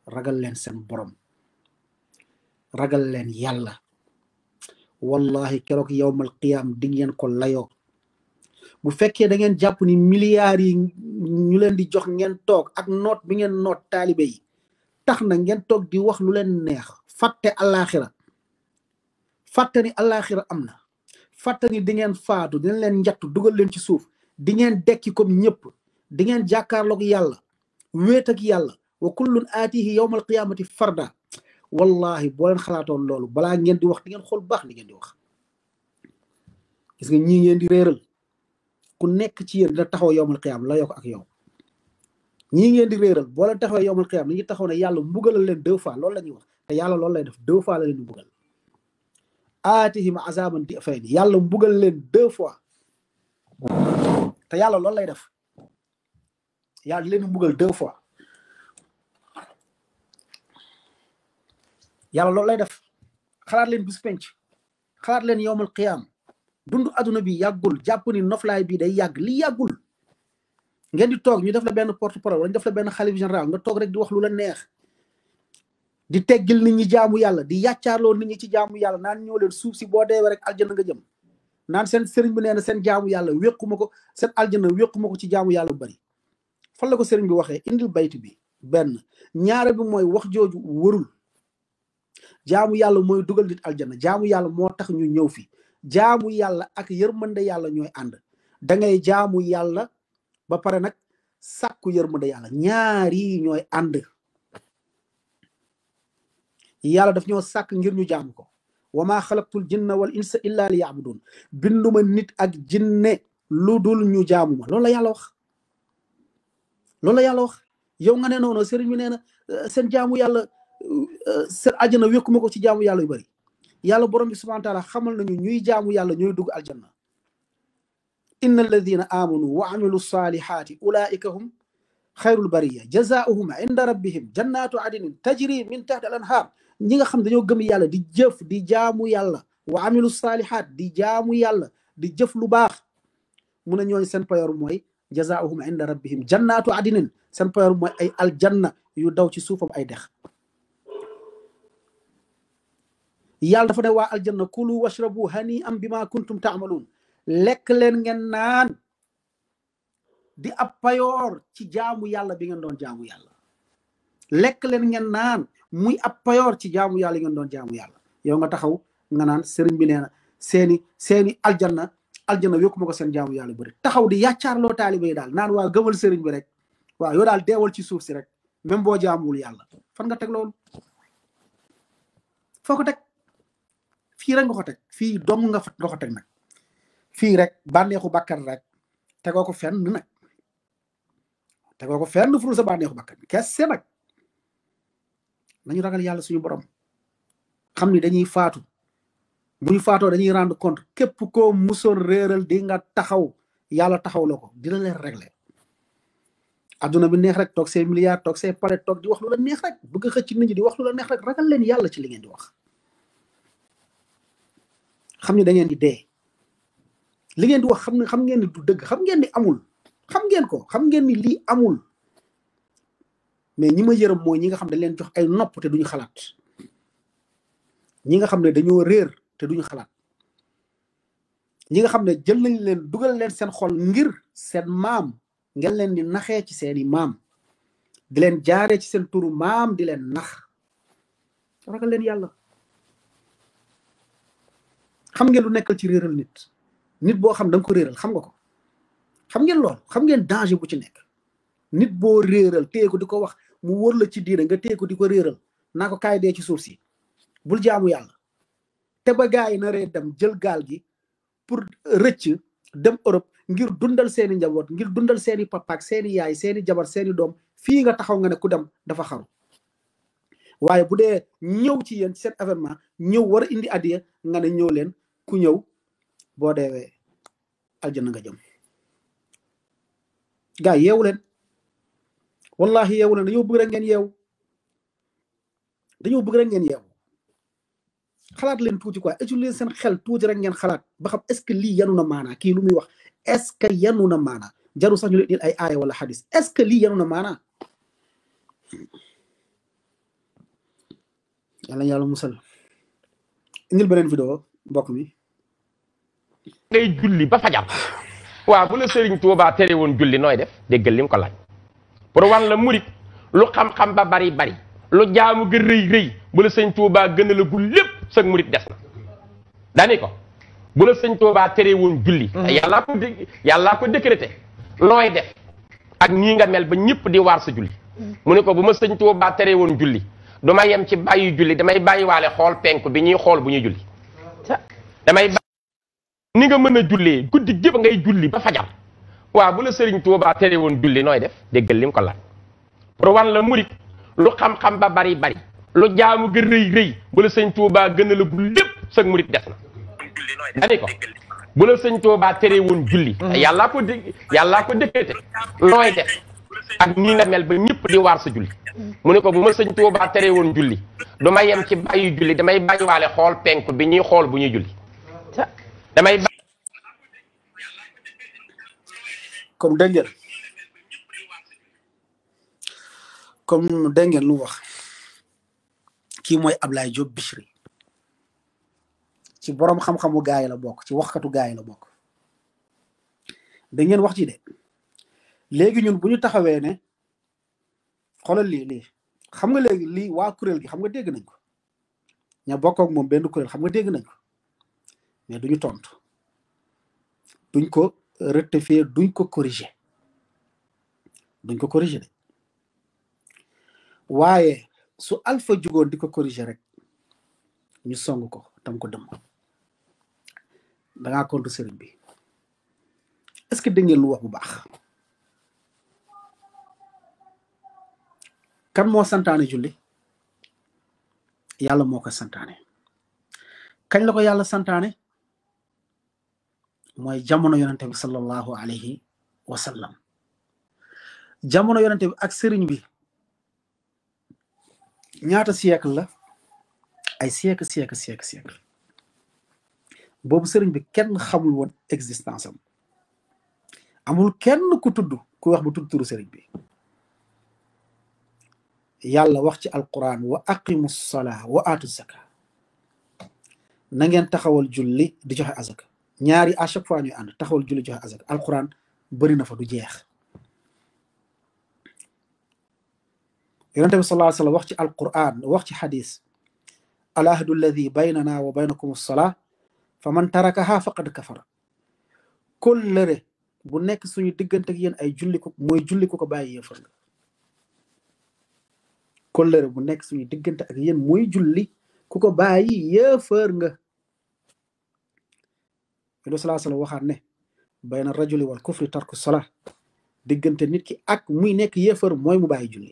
ragal len sen borom ragal len yalla wallahi keroog yowmal qiyam di ngeen ko layo bu fekke da ngeen japp ni milliards yi ñu len di jox ngeen tok ak note bi ngeen note taalibe yi tax ngeen tok di wax lu len neex fatte alakhirah fatte ni alakhirah amna, fatte ni di ngeen faatu di len ñatt duggal len ci suuf di ngeen dekk comme ñepp di ngeen ak yalla wa kullun aatihi yowma alqiyamati farda wallahi boo leen xalaatoon loolu balaa ngeen di wax di ngeen xool baax li ngeen di wax gis nga ñii ngeen di réeral ku nekk ci yéen dina taxaw yowmal qiyaam la yokk ak yow ñii ngeen di réeral boo leen taxawee yowmal qiyaam dañuy taxaw ne yàlla mbugalal leen deux fois loolu la ñuy wax te yàlla loolu lay def deux fois la leen di mbugal aatihim azaban di fay ni yàlla mbugal leen deux fois te yàlla loolu lay def yàlla leen mbugal deux fois yàlla loolu lay def xalaat leen bis penc xalaat leen yowmal qiyaam dund aduna bi yàggul jàpp ni noflaay bi day yàgg li yàggul ngeen di toog ñu def la benn porte parole wala ñu def la benn xalif général nga toog rek di wax lu la neex di teggil nit ñi jamu yàlla di yàccaarloo nit ñi ci jaamu yàlla naan ñoo leen suuf si boo deewee rek aljana nga jëm naan seen sëriñ bi nee na seen jaamu yàlla wéquma ko seen aljana wéquma ko ci jaamu yàlla bu bari fan la ko sëriñ bi waxee indil bayt bi benn ñaare bi mooy wax jooju wërul jaamu yàlla mooy dugal nit aljana jaamu yàlla moo tax ñu ñëw fi jaamu yàlla ak yërmande yàlla ñooy ànd da ngay jaamu yàlla ba pare nag sàkku yërmande yàlla ñaar yi ñooy ànd yàlla daf ñoo sàkk ngir ñu jaamu ko wama xalaqtul jinna wal insa illa li yaabudun binduma nit ak jinne ludul ñu jaamu ma loolu la yàlla wax loolu la yàlla wax yow nga ne noonu sëriñ bi nee na eh, seen jaamu yàlla sir àjjana wékkuma ko ci jaamu yàlla yu bari yàlla borom bi subhanahu wa taala xamal nañu ñuy jaamu yàlla ñooy dugg aljanna inna alladina amanu wa amilu salihati ulaika hum xayrul bariya jazaohum inda rabbihim jannatu adinin tajri min tahti al anhar ñi nga xam dañoo gëm yàlla di jëf di jaamu yàlla wa amilu salihat di jaamu yàlla di jëf lu baax mu ne ñooñ seen payoor mooy jazaohum inda rabbihim jannatu adinin seen payoor mooy ay aljanna yu daw ci suufam ay dex yàlla dafa ne waa aljanna kulu washrabu hani am bi ma kuntum taamaluun lekk leen ngeen naan di ab payoor ci jaamu yàlla bi ngeen doon jaamu yàlla lekk leen ngeen naan muy ab payoor ci jaamu yàlla yi ngeen doon jaamu yàlla yow nga taxaw nga naan sëriñ bi nee na seeni seeni aljanna aljanna yokkuma ko seen jaamu yàlla bëri taxaw di yàccaarloo taalibe yi daal naan waa gëmal sëriñ bi rek waaw yow daal deewal ci suuf si rek même boo jaamuwul yàlla fan nga teg loolu foo ko fi rek nga ko teg fii dong nga fa nga ko teg nag fii rek banexu bakkar rek tegoo ko fenn nak tegoo ko fenn furu sa banexu bakkar kesse nak nañu ragal yalla suñu borom xamni dañuy faatu bu faato dañuy rendre compte kep ko musoon réeral di nga taxaw yalla taxaw lako dina len régler aduna bi neex rek tok say milliards tok say pare tok di wax lu la neex rek bëgg xëcc nit ñi di wax lu la neex rek ragal len yalla ci li ngeen di wax xam ne da di dee li ngeen di wax xam ne xam ngeen ni du dëgg xam ngeen ni amul xam ngeen ko xam ngeen ni lii amul mais ñi ma yërëm mooy ñi nga xam ne dañ leen jox ay nopp te duñu xalaat ñi nga xam ne dañoo réer te duñu xalaat ñi nga xam ne jël nañ leen dugal leen seen xol ngir seen maam ngeen leen di naxee ci seeni maam di leen jaare ci seen turu maam di leen nax ragal leen yàlla xam ngeen lu nekkal ci réeral nit nit boo xam da nga ko réeral xam ko xam ngeen loolu xam ngeen danger bu ci nekk nit boo réeral téye ko di ko wax mu wóor la ci a nga téye ko di ko réeral naa dee ci suuf si bul jaamu yàlla te ba gars yi naree dem jël gaal gi pour rëcc dem Europe ngir dundal seeni njaboot ngir dundal seeni papa ak seeni yaay seeni jabar seeni doom fii nga taxaw nga ne ku dem dafa xaru waaye bu dee ñëw ci yéen seen événement ñëw war a indi addiya nga ne ñëw leen ku ñew bo déwé aljanna nga jëm leen wallahi yeewu leen dañu bëgg rek ngeen yeewu dañu bëgg rek ngeen yeewu xalaat leen tuuti quoi étudier leen seen xel tuuti rek ngeen xalaat ba xam est ce que lii yanu na maanaa kii lu muy wax est ce que yanu na maanaa jaru sax ñu leen ay wala hadith est ce que lii yanu na maanaa yalla yalla musal indil beren vidéo mbokk mi ngay julli ba fajar waaw bu la Serigne Touba tere woon julli nooy def déggal lim ko laaj pour wan la murit lu xam-xam ba bari bari lu jaamu gën rëy rëy bu la sëñ tuubaa gën a lépp sag murit des na dani ko bu la sëñ Touba tere woon julli. Mhm. yàllaa ko dé yàllaa ko décrété nooy def ak nii nga mel ba ñëpp di waar sa julli. Mhm. mu ne ko bu ma sëñ Touba tere woon julli du ma yem ci bàyyi julli damay bàyyi waale xool penku bi ñuy xool bu ñuy julli damay ni nga mën a jullee guddi gépp ngay julli ba fajar waaw bu la sëriñ Tuubaa tere woon julli nooy def déggal lim ko laaj pour wan la murit lu xam-xam ba bari bari lu jaamu gën rëy rëy bu la sëñ Tuubaa gën a la bu lépp sag murit des na dani ko bu la sëñ Tuubaa tere woon julli mm-hmm. yàllaa ko dé yàllaa ko dékkate def ak nii nga mel ba ñëpp di waar sa julli mm-hmm. mu ne ko bu ma sëñ Tuubaa tere woon julli du ma yem ci bàyyi julli damay bàyyiwaale xool penk bi ñuy xool bu ñuy julli damay ba comme dégg lu wax kii mooy Ablaye Diop Bichri ci boroom xam-xamu gaay yi la bokk ci waxkatu gaay yi la bokk da wax ci de léegi ñun bu ñu taxawee ne xoolal lii xam nga léegi lii waa kuréel gi xam nga dégg nañ ko ña bokk moom benn kuréel xam nga dégg na ko mais duñu tontu duñ ko rectifier duñ ko corriger duñ ko corriger de waaye su alpha jugoon di ko corriger rek ñu song ko tam ko dëmm da ngaa kontu sëriñ bi est-ce que dégg ngeen lu wax bu baax kan moo santaane julli yàlla moo ko santaane kañ la ko yàlla santaane mooy jamono yonente bi sallallahu alayhi wa sallam jamono yonente bi ak sëriñ bi ñaata siècle la ay siècle siècle siècle siècle boobu sëriñ bi kenn xamul woon existence am amul kenn ku tudd ku wax bu tudd sëriñ bi yàlla wax ci alquran wa aqimu salaa wa aatu zaka na ngeen taxawal julli di joxe azaka ñaari à chaque fois ñuy ànd taxawal julli joxe azak alquran bëri na fa du jeex yonente bi sallallahu alayhi wa sallam wax ci du wax ci xadis al ahdu alladi baynana wa baynakum alsolaa fa man tarakaha faqad kafar kóllëre bu nekk suñu diggante ak yéen ay julli ko mooy julli ku ko bàyyi yéefar bu nekk suñu diggante ak yéen mooy julli ku ko bàyyi nga sallallahu alayhi wasallam waxaat ne bayna rajuli wal kufri tarku salaa diggante nit ki ak muy nekk yéefar mooy mu bàyyi julli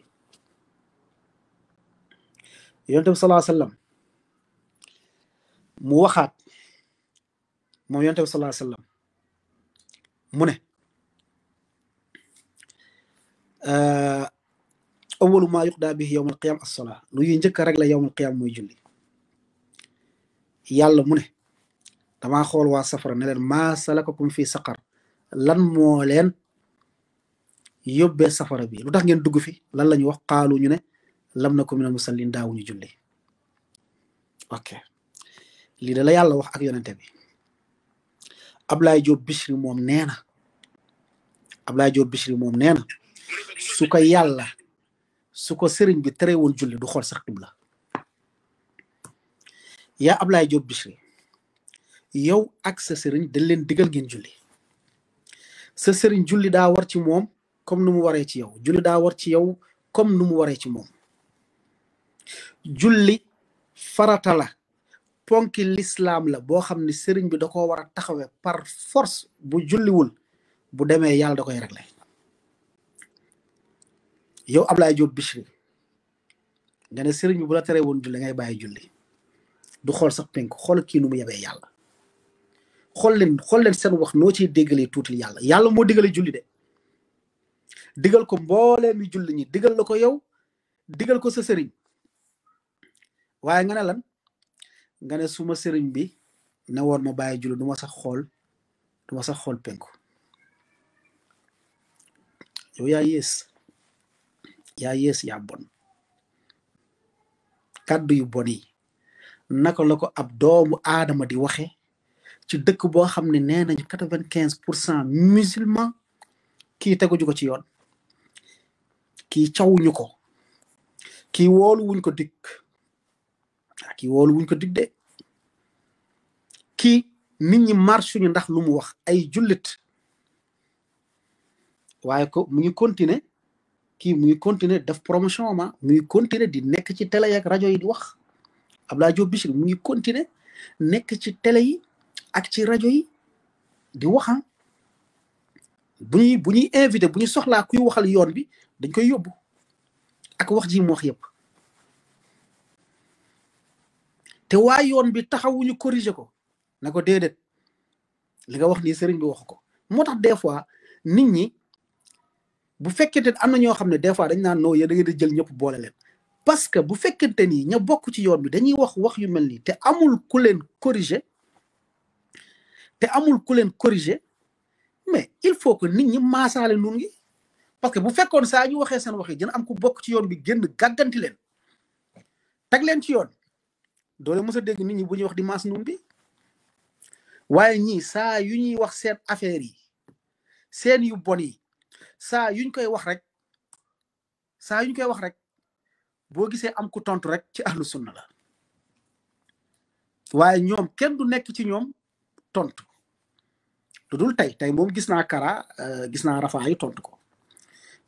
yonent bi sallallahu alayhi wasallam mu waxaat moom yonent bi sallallahu alayhi wasallam mu ne awalu maa yuqdaa bihi yowm al qiyam as salaa lu ñuy njëkk a régler yowm al julli yàlla mu damaa xool waa safara ne leen maa salakakum fii saqar lan moo leen yóbbee safara bi lu tax ngeen dugg fi lan la ñu wax xaalu ñu ne lam naku minal musallin daawuñu julli ok lii da la yàlla wax ak yonente bi ab Diop Bichri moom nee na Ablaye Diop Bichri moom nee na su ko yàlla su ko sëriñ bi terewul julli du xool sax xibla yaa Ablaye Diop Bichri yow ak sa sëriñ dañ leen digal ngeen julli sa sëriñ julli daa war ci moom comme nu mu waree ci yow julli daa war ci yow comme nu mu waree ci moom julli farata la ponki lislaam la boo xam ne sëriñ bi da ko war a taxawee par force bu julliwul bu demee yàlla da koy réglé yow Ablaye Diop Bichri nga ne sëriñ bi bu la teree woon julli ngay bàyyi julli du xool sax penk xool kii nu mu yàlla xool leen leen seen wax noo ciy déggalee tuuti yàlla yàlla moo digale julli de digal ko mboolee mi julli ñi digal la ko yow digal ko sa sëriñ waaye nga ne lan nga ne suma sëriñ bi ne woon ma bàyyi julli duma sax xool duma sax xool penku yow yaa yées yaa yées yaa bon kàddu yu bon yi naka la ko ab doomu aadama di waxe ci dëkk boo xam ne nee nañu quatre vingt quinze pour cent musulman kii teguñu ko ci yoon kii cawuñu ko kii woolu wuñ ko dikk ah kii woolu wuñ ko dig kii nit ñi marchuñu ndax lu mu wax ay jullit waaye ko mu ngi continuer kii mu ngi continuer def promotion ma mu ngi continuer di nekk ci télé yi ak rajo yi di wax Abdoulaye Diop Bichri mu ngi continuer nekk ci télé yi ak ci rajo yi di waxan ah. bu ñuy bu ñuy invité bu ñu soxlaa kuy waxal yoon bi dañ koy yóbbu ak wax ji mu wax yëpp te waa yoon bi taxawuñu corrigé ko na ko déedéet li nga wax nii seriñ bi wax ko moo tax des fois nit ñi bu fekkente am na ñoo xam ne des fois dañ naan noo yéen da ngeen jël ñëpp boole leen parce que bu fekkente ni ña bokk ci yoon bi dañuy wax wax yu mel nii te amul ku leen corrigé te amul ku leen corriger mais il faut que nit ñi maasaale nun ngi parce que bu fekkoon saa ñu waxee seen wax yi dina am ku bokk ci yoon bi génn gàgganti leen teg leen ci yoon doole mos a dégg nit ñi bu ñuy wax di maas nun bi waaye ñi saa yu ñuy wax seen affaire yi seen yu bon yi saa yuñ koy wax rek saa yuñ koy wax rek boo gisee am ku tontu rek ci ahlu sunna la waaye ñoom kenn du nekk ci ñoom tontu lu dul tey tey moom gis naa Kara euh, gis naa Rafaayu tontu ko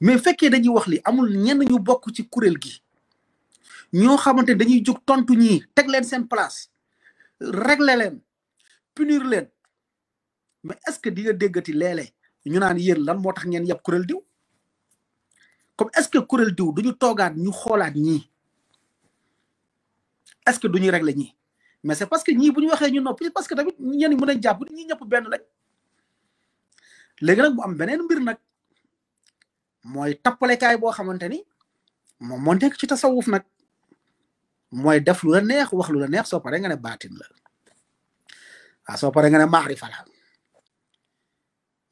mais fekkee dañuy wax li amul ñenn ñu bokk ci kuréel gi ñoo xamante dañuy jóg tontu ñi teg leen seen place régler leen punir leen mais est-ce que dina nga déggati léeg ñu naan yéen lan moo tax ngeen yab kuréel diw comme est-ce que kuréel diw ñu toogaat ñu xoolaat ñi est-ce que duñu régler ñi mais c'est parce que ñi bu waxé ñu nopi parce que tamit ñenn mën a japp ñi ñëpp benn lañ légui nak bu am benen mbir nak moy tapalé kay bo ni mo moo nekk ci tasawuf nak moy def lu la neex wax lu la neex so paré nga ne batin la a so paré nga né ma'rifa la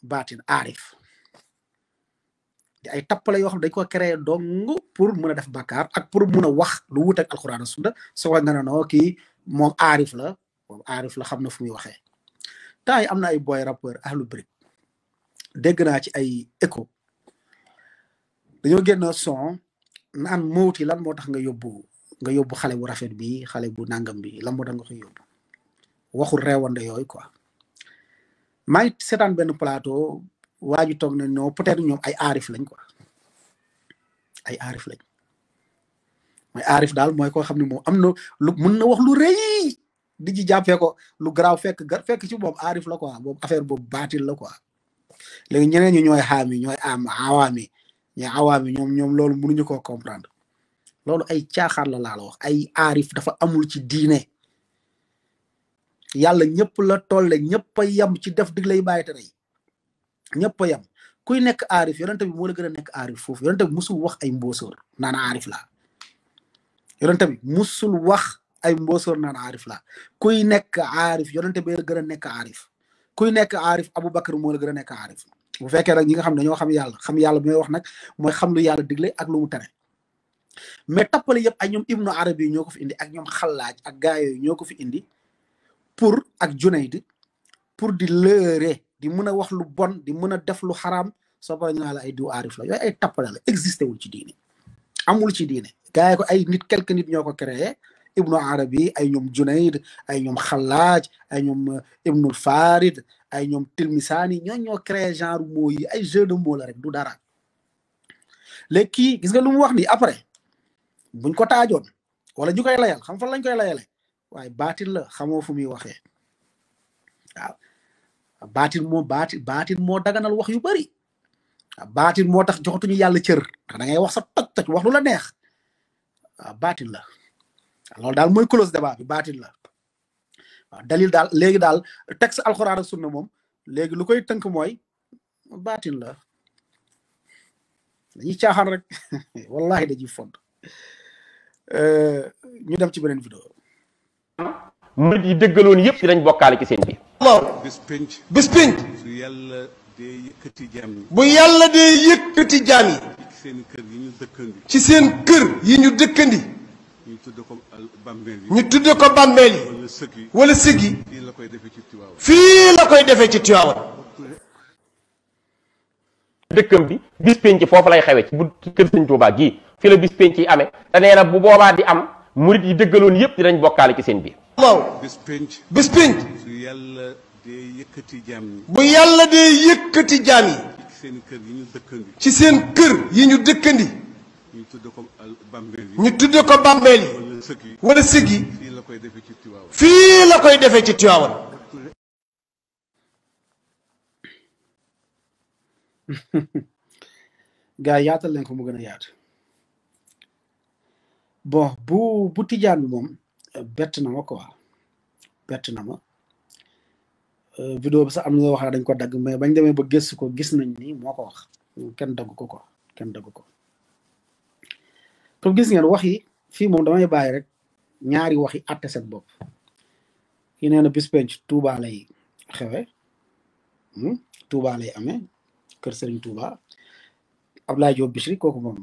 batin arif di ay tapalé yo xam dañ ko créé dong pour mëna def bakar ak pour mëna wax lu wut ak alcorane sunna so nga ne noo kii moom aarif la moom aarif la xam na fu muy waxee temps yi am na ay boy rappeur allu brik dégg naa ci ay écho dañoo génn son na naan mawti lan moo tax nga yóbbu nga yóbbu xale bu rafet bi xale bu nangam bi lan moo nga koy yóbbu waxul reewande yooyu quoi maa ngi seetaan benn plateau waa ji na ñoo peut-être ñoom ay aarif lañ quoi ay aarif lañ mooy aarif daal mooy koo xam ne moom am na lu mën na wax lu rëy di ci jàppee ko lu garaaw fekk gar fekk ci moom aarif la quoi boobu affaire boobu baatil la quoi léegi ñeneen ñi ñooy xaam yi ñooy am awaam yi ñooy awaam yi ñoom ñoom loolu mënuñu koo comprendre loolu ay caaxaan la laa la wax ay aarif dafa amul ci diine yàlla ñëpp la tolle ñëpp a yem ci def dig lay bàyyi te rey ñëpp a yem kuy nekk aarif yonente bi moo la gën a nekk foofu yonente bi musul wax ay mbóosóor naan aarif laa yonente bi musul wax ay mboosoor naan aarif la kuy nekk arif yonente bi la gën a nekk aarif kuy nekk aarif Aboubacar moo la gën a nekk aarif bu fekkee nag ñi nga xam ne dañoo xam yàlla xam yàlla bi wax nag mooy xam lu yàlla digle ak lu mu tere mais tappale yëpp ay ñoom ibnu arabi yi ñoo ko fi indi ak ñoom xallaaj a gaay yooyu ñoo ko fi indi pour ak Junayd pour di lëre di mën a wax lu bon di mën a def lu xaraam soo pare ñu la ay diw aarif la yooyu ay tappale la existé wul ci diine amul ci diine gaay ko ay nit quelque nit ñoko créer ibnu arabi ay ñom junayd ay ñom khallaj ay ñom ibnu farid ay ñom tilmisani ñoo ñoo créer genre mots yi ay jeu de mots la rek du dara léegi gis nga lu mu wax ni après buñ ko tajoon wala ñu koy layal xam fa lañ koy layale waaye batil la xamoo fu mi waxé waaw baatin moo batil baatin moo daganal wax yu bari batil motax tax joxatuñu yàlla cieur da ngay wax sa toj toj wax lu la neex waaw ah, baatin la loolu daal mooy close débat bi baatin la waaw ah, dalil daal léegi daal texte alxuraan ak sunna moom léegi lu koy tënk mooy baatin la dañuy caaxaan rek wallahi dañuy fond eh, ñu dem ci beneen vidéo murid yi dëggaloon yëpp dinañ bokkaale ci seen bi bis pénc bu yàlla dee yëkkati jaam yi ci seen kër yi ñu dëkkandi ñu tudde ko bàmmeel yi wala sëg yi fii la koy defee ci Tiwaawan dëkkam bi bis penc foofu lay xewe ci bu kër sëñ Tuubaa gii fii la bis yi amee te nee bu boobaa di am murit yi dëggaloon yépp dinañ bokkaale ci seen biir waaw bis dee yëkkati bu yàlla dee yëkkati jaam yi. ci seen kër yi ñu dëkkandi. ci seen kër yi ñu dëkkandi. ñu tudde ko bàmbeel yi. ñu tudde ko fii la koy defee ci Tiwaawan. fii la koy defee ci Tiwaawan. gaa yaatal leen ko mu gën a yaatu. bon bu bu tijaan bi moom bett na ma quoi bett na ma. Euh, vidéo bi sax am na wax dañ ko dagg mais bañ demee ba gëstu ko gis nañ ni moo ko wax kenn dagg ko ko kenn dagg ko gis ngeen wax yi fii moom damay bàyyi rek ñaari wax yi àtte seen bopp kii nee na bis lay xewe hmm? Touba lay ame kër Serigne Touba Abdoulaye Diop Bichri kooku moom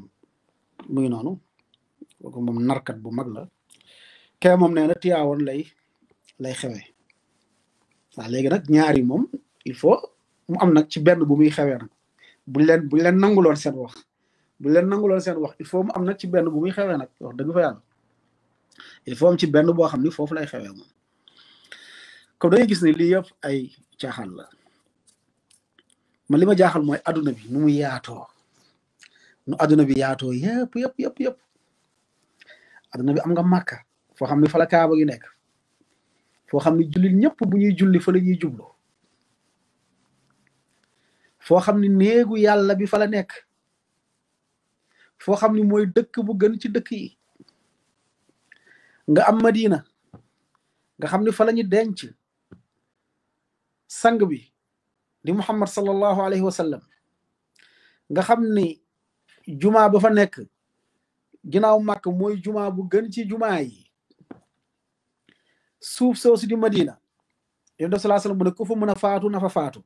mu ngi noonu kooku moom narkat bu mag la kee moom nee na Tiwaawan lay lay xewe waaw léegi nag ñaari moom il faut mu am nag ci benn bu muy xewee nag buñ leen buñ leen nanguloon seen wax buñ leen nanguloon seen wax il faut mu am nag ci benn bu muy xewee nag wax dëgg fa yàlla il faut am ci benn boo xam ni foofu lay xewee moom comme dangay gis ne lii yëpp ay caaxaan la man li ma jaaxal mooy adduna bi nu mu yaatoo nu adduna bi yaatoo yëpp yëpp yëpp yëpp adduna bi am nga màkka foo xam ni falaka la kaaba nekk foo xam ne jullit ñëpp bu ñuy julli fala la ñuy jublu foo xam ne néegu yàlla bi fala la nekk foo xam ni mooy dëkk bu gën ci dëkk yi nga am Madina nga xam ni fa la ñu denc sang bi di Muhammad sallallahu alayhi wa sallam nga xam ni jumaa ba fa nekk ginnaaw màkk mooy jumaa bu gën ci jumaa yi suuf soosu di Madina yonent bi sallallahu alayhi wasallam mu ne ku fa mën a faatu na fa faatu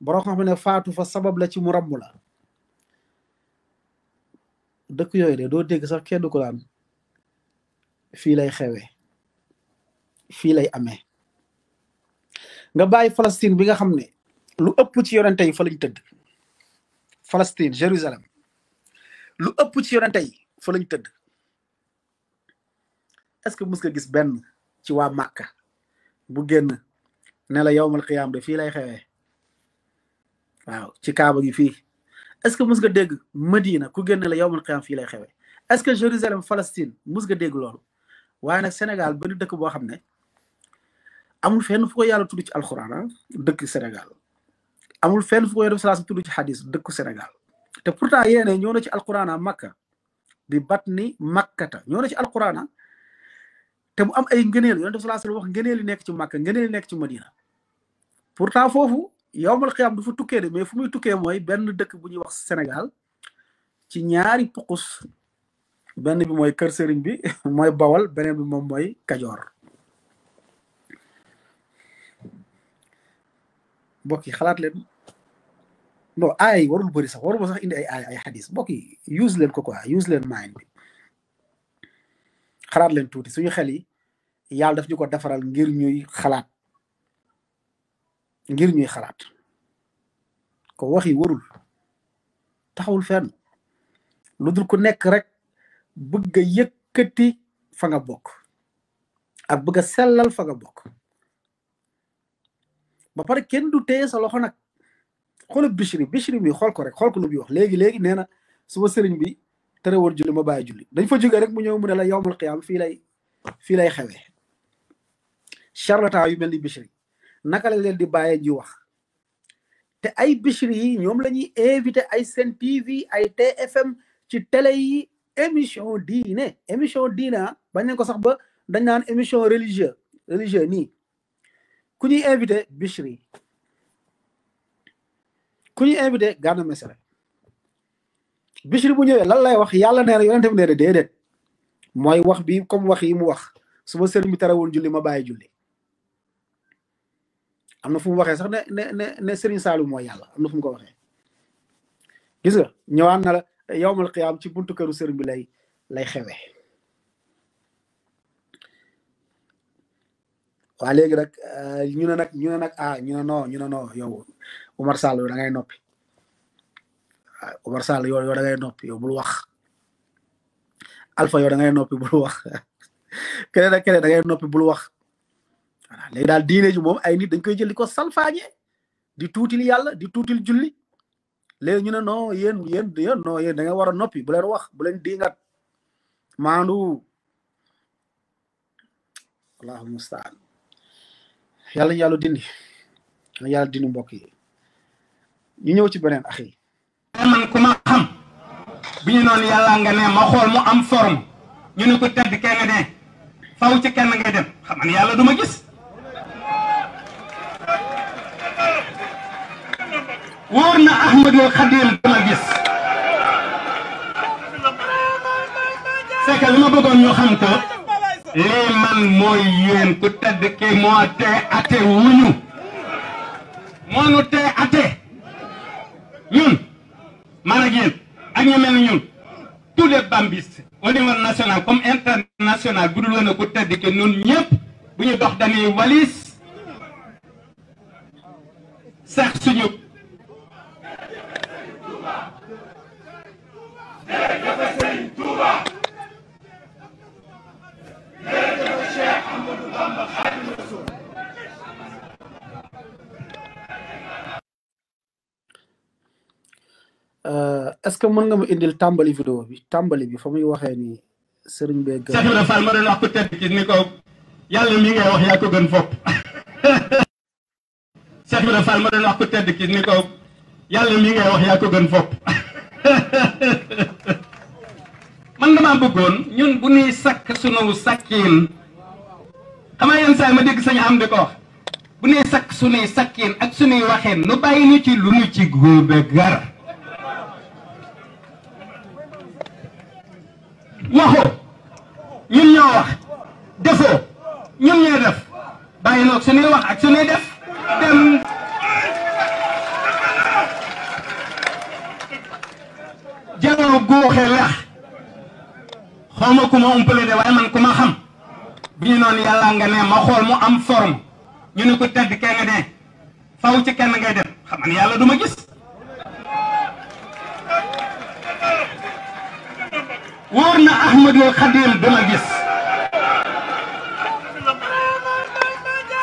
borom xam ne faatu fa sabab la ci mu ramm la dëkk yooyu de doo dégg sax kenn ko daan fii lay xewee fii lay amee nga bàyyi Palestine bi nga xam ne lu ëpp ci yonente yi fa lañ tëdd Palestine Jérusalem lu ëpp ci yonente yi fa lañ tëdd est-ce que mës nga gis benn ci wa màkka bu génn ne la yowmal qiyam de fi lay xewé waaw ci kaaba gi fi est ce que mus nga Medina ku génn la yowmal qiyam fi lay xewé est ce que Jérusalem Palestine mus nga dégg loolu waaye Sénégal benn dëkk bo xamné amul fenn fu ko yàlla tuddu ci alcorane dëkk Sénégal amul fenn fu ko yàlla salatu tuddu ci hadith dëkk Sénégal te pourtant yene ñoo na ci alcorane Makka bi batni makkata ñoo na ci alcorane te mu am ay ngëneel yonent bi sallallahu alayhi wasallam yi nekk ci Màkka ngëneel nekk ci Madina pourtant foofu yowmal xiyaam du fa tukkee de mais fu muy tukkee mooy benn dëkk bu ñuy wax Sénégal ci ñaari pukus benn bi mooy kër sëriñ bi mooy bawal beneen bi moom mooy Kajoor boki yi xalaat leen non aay warul bëri sax warul sax indi ay aay ay xadis mbokk yi use leen ko quoi use leen mind bi xalaat leen tuuti suñu xel yi yàlla daf ñu ko defaral ngir ñuy xalaat ngir ñuy xalaat ko wax yi warul taxawul fen lu dul ku nekk rek bëgg a yëkkati fa nga bokk ak bëgg a sellal fanga bokk ba pare kenn du teye sa loxo nag xoolal Bichri Bichri mi xool ko rek xool ko lu wax léegi léegi nee na suma sëriñ bi tere woon julli ma bàyyi julli dañ fa jógee rek mu ñëw mu ne la yowmal qiyaam fii lay fii lay xewee charlatan yu mel ni Bichri naka la leen di bàyyee ji wax te ay Bichri ñoom la ñuy invité ay Sen TV ay TFM ci teley émission dine émission diine ah bañ nañ ko sax ba dañ naan émission religieux religieux nii ku ñuy invité Bichri ku ñuy invité Gana Messere Bichri bu ñëwee lan lay wax yàlla nee na yonent bi nee mooy wax bi comme wax yi mu wax su ma sëriñ bi terewul julli ma bàyyi julli am na fu mu waxee sax ne ne ne ne Saalum mooy yàlla am na fu ko waxee. gis nga ñëwaat na la yowmal ci buntu këru sëriñ bi lay lay xewee waa léegi nag euh, ñu ne nag ñu ne nag ah ñu ne non ñu ne non yow Umar Sall da ngay noppi. Omar Sall yoy yow da ngay nopi yow bul wax Alpha yow da ngay nopi bul wax kene da kene da ngay nopi bul wax voilà léegi daal diine ju mom ay nit dañ koy jël di ko salfaañe di tuutil yalla di tuutil julli lay ñu ne non yeen yéen yeen no yeen da nga wara nopi bu wax bu leen diingat maandu allahu mustaan yàlla yalla dindi yalla dindi mbokk yi ñu ñëw ci benen akhi man bi ñu noonu yàlla nga ne am forme ñu ne xam yàlla du ma gis Xadim du gis c'est que ma bëggoon ñu xam ko lii man mooy yéen ku tedd ki moo tee ate wuñu moo nu tee ate ñun man ak yéen ak ñu mel ni ñun tous les bambistes au national comme international bu dul woon a ko tedd que ñun ñëpp bu ñu dox dañuy walis sax suñu est-ce que mën nga ma indil tàmbali vidéo bi tàmbali bi fa muy waxee ni sëriñ bee gën. yàlla mi ngay wax yaa ko gën fopp. Cheikh Ibrahima Fall man damaa bëggoon ñun bu ñuy sakk sunu sakkiin xam nga yenn ma dégg sañu am di ko bu ñuy sakk sunuy sakkiin ak sunuy waxeen nu bàyyi ñu ci lu ñu ci góobe gar. waxoo ñun ñoo wax defoo ñun ñoo def bàyyi noog suñuy wax ak suñuy def dem jaroo góoxe lex xaw ma ku ma umpale de waaye man ku ma xam bi ñu noonu yàlla nga ne ma xool mu am forme ñu ne ko tedd kenn ne faw ci kenn ngay dem xam man yàlla du ma gis wóor na Ahmadul Xadim dama gis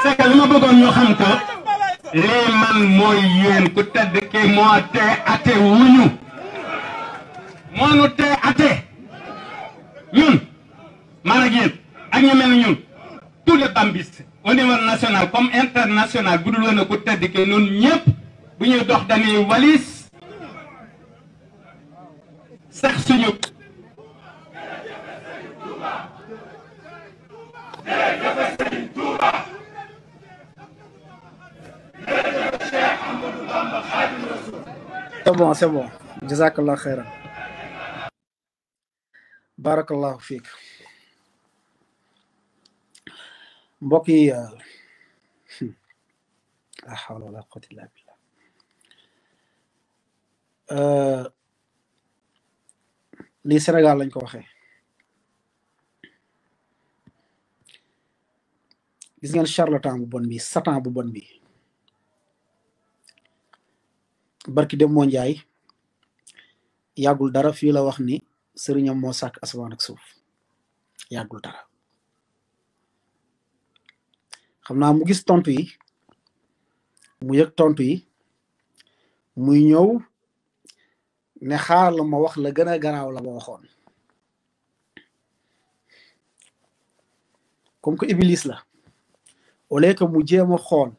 c'est que li ma bëggoon ñu xam ko lii man mooy yéen ku tedd ki moo tee ate wuñu moo nu tee ate ñun man ak yéen ak ñu mel ni ñun tous les bambistes au national comme international bu dul woon a ku tedd ki ñun ñëpp bu ñu dox dañuy walis sax suñu سبوا سبوا جزاك الله خيرا بارك الله فيك بقي لا حول ولا قوة إلا بالله آه، لي سنغال لنكو خير gis ngeen charlatan bu bon bi satan bu bon bi barki de moo njaay yàggul dara fii la wax ni sëriñam moo sàkk asamaan ak suuf yàggul dara xam naa mu gis tontu yi mu yëg tontu yi muy ñëw ne xaar ma wax la gën a garaaw la ma waxoon comme que iblis la oleka mu jema xol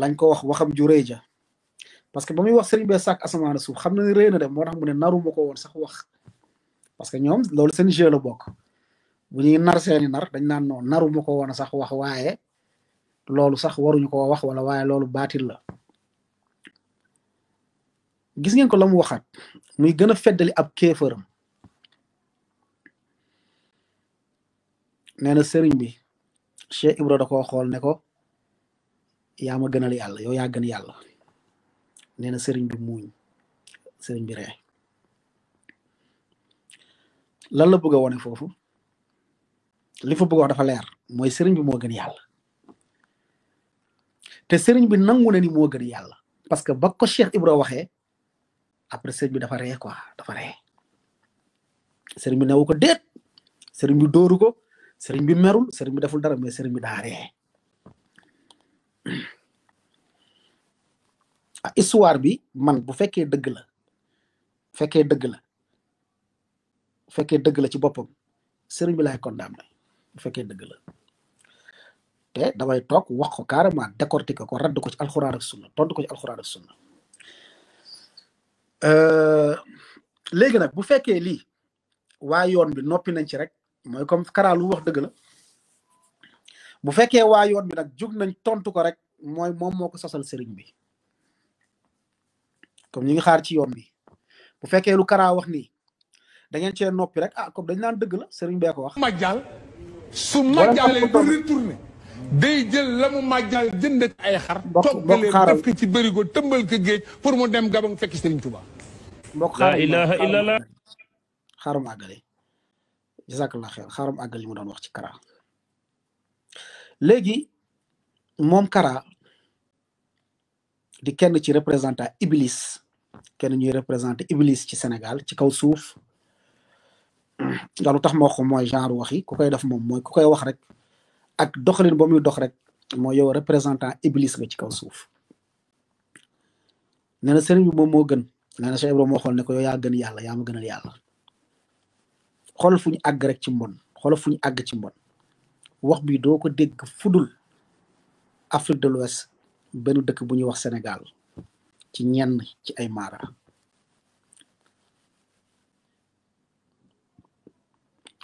lañ ko wax waxam ju reja parce que bamuy wax serigne be sak asman suuf xamna ni reyna de dem moo mu ne naru mako won sax wax parce que ñom lolu seen jeu la bok bu ñi nar seen nar dañ nan non naru mako won sax wax waye lolu sax waruñu ko wax wala waye lolu batil la gis ngeen ko lamu mu muy gëna fédali ab kéefëram nee serigne bi Cheikh Ibra da koo xool ne ko yaa ma gënal yàlla yow yaa gën yàlla nee na sëriñ bi muuñ sëriñ bi ree lan la bëgg a wone foofu li fo bëgg wax dafa leer mooy sëriñ bi moo gën yàlla te sëriñ bi nangu na ni moo gën yàlla parce que ba ko Cheikh Ibra waxee après sëriñ bi dafa ree quoi dafa ree sëriñ bi newu ko déet sëriñ bi dóoru ko sëriñ bi merul sëriñ bi deful dara mais sëriñ bi daa ree ah, histoire bi man bu fekkee dëgg la fekkee dëgg la fekkee dëgg la ci boppam sëriñ bi laay condamné bu fekkee dëgg la te daway toog wax ko carrément décortiquer ko radd ko ci alxuraan ak sunna tontu ko ci alxuraan ak sunna euh, léegi nag bu fekkee lii waa yoon bi noppi nañ ci rek mooy comme Kara lu wax dëgg la bu fekkee waa yoot bi nag jug nañ tontu ko rek mooy moom moo ko sosal sëriñ bi comme ñu ngi xaar ci yoon bi bu fekkee lu Kara wax nii da ngeen cee noppi rek ah comme dañ naan dëgg la sëriñ bee ko wax. majjal su majjalee bu retourné day jël la mu majjal jënd ay xar. toggalee def ko ci bërigo tëmbal ko géej pour mu dem Gabon fekk sëriñ tuba mbokk xaaral la ilaha jazakallah xeer xaaram àggal li mu doon wax ci kara léegi moom kara di kenn ci représentant iblis kenn ñuy représenté iblis ci Sénégal ci kaw suuf ndax tax moo wax ko mooy genre wax yi ku koy def moom mooy ku koy wax rek ak doxalin ba muy dox rek mooy yow représentant iblis nga ci kaw suuf nee na sëriñ bi moom moo gën nee na moo xool ne ko yow yaa gën yàlla yaa ma gënal yàlla xol fuñ ag rek ci mbon xol fuñ ag ci mbon wax bi doo ko dégg fudul afrique de l'ouest benn dëkk bu ñuy wax sénégal ci ñenn ci ay maara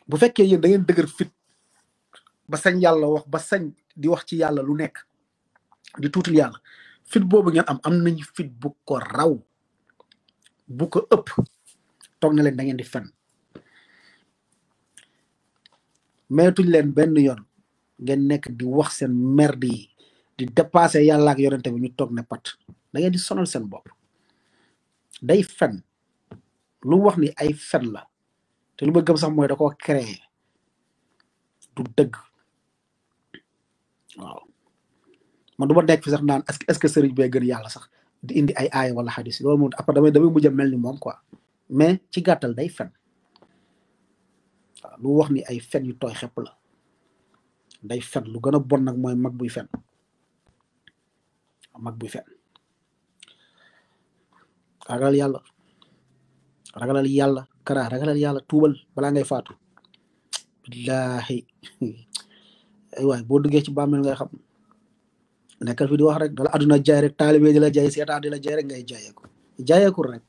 bu fekkee yéen da ngeen dëgër fit ba sañ yàlla wax ba sañ di wax ci yàlla lu nekk di tuutul yàlla fit boobu ngeen am am nañ fit bu ko raw bu ko ëpp toog na leen da ngeen di fenn metuñ len ben yon ngeen nek di wax sen merdi di dépasser yalla ak yonente bi ñu tok ne pat da ngeen di sonal sen bop day fen lu wax ni ay fen la te lu bëggam sax moy da ko créer du dëgg waaw man duma dekk fi sax naan est ce que sëriñ bee gën yalla sax di indi ay ay wala hadith loolu mo après damay damay mujj melni mom quoi mais ci gattal day fenn lu wax ni ay fen yu toy xep la day fen lu gëna a bon nak moy mag buy fen mag buy fen ragal yalla ragalal yalla kara ragalal yalla tuubal bala ngay faatu billahi ay way bo duggé ci bàmmeel ngay xam nekkal fi di wax rek dala aduna jaay rek talibé di la jaay seetaan di la jaay rek ngay jaayé ko rek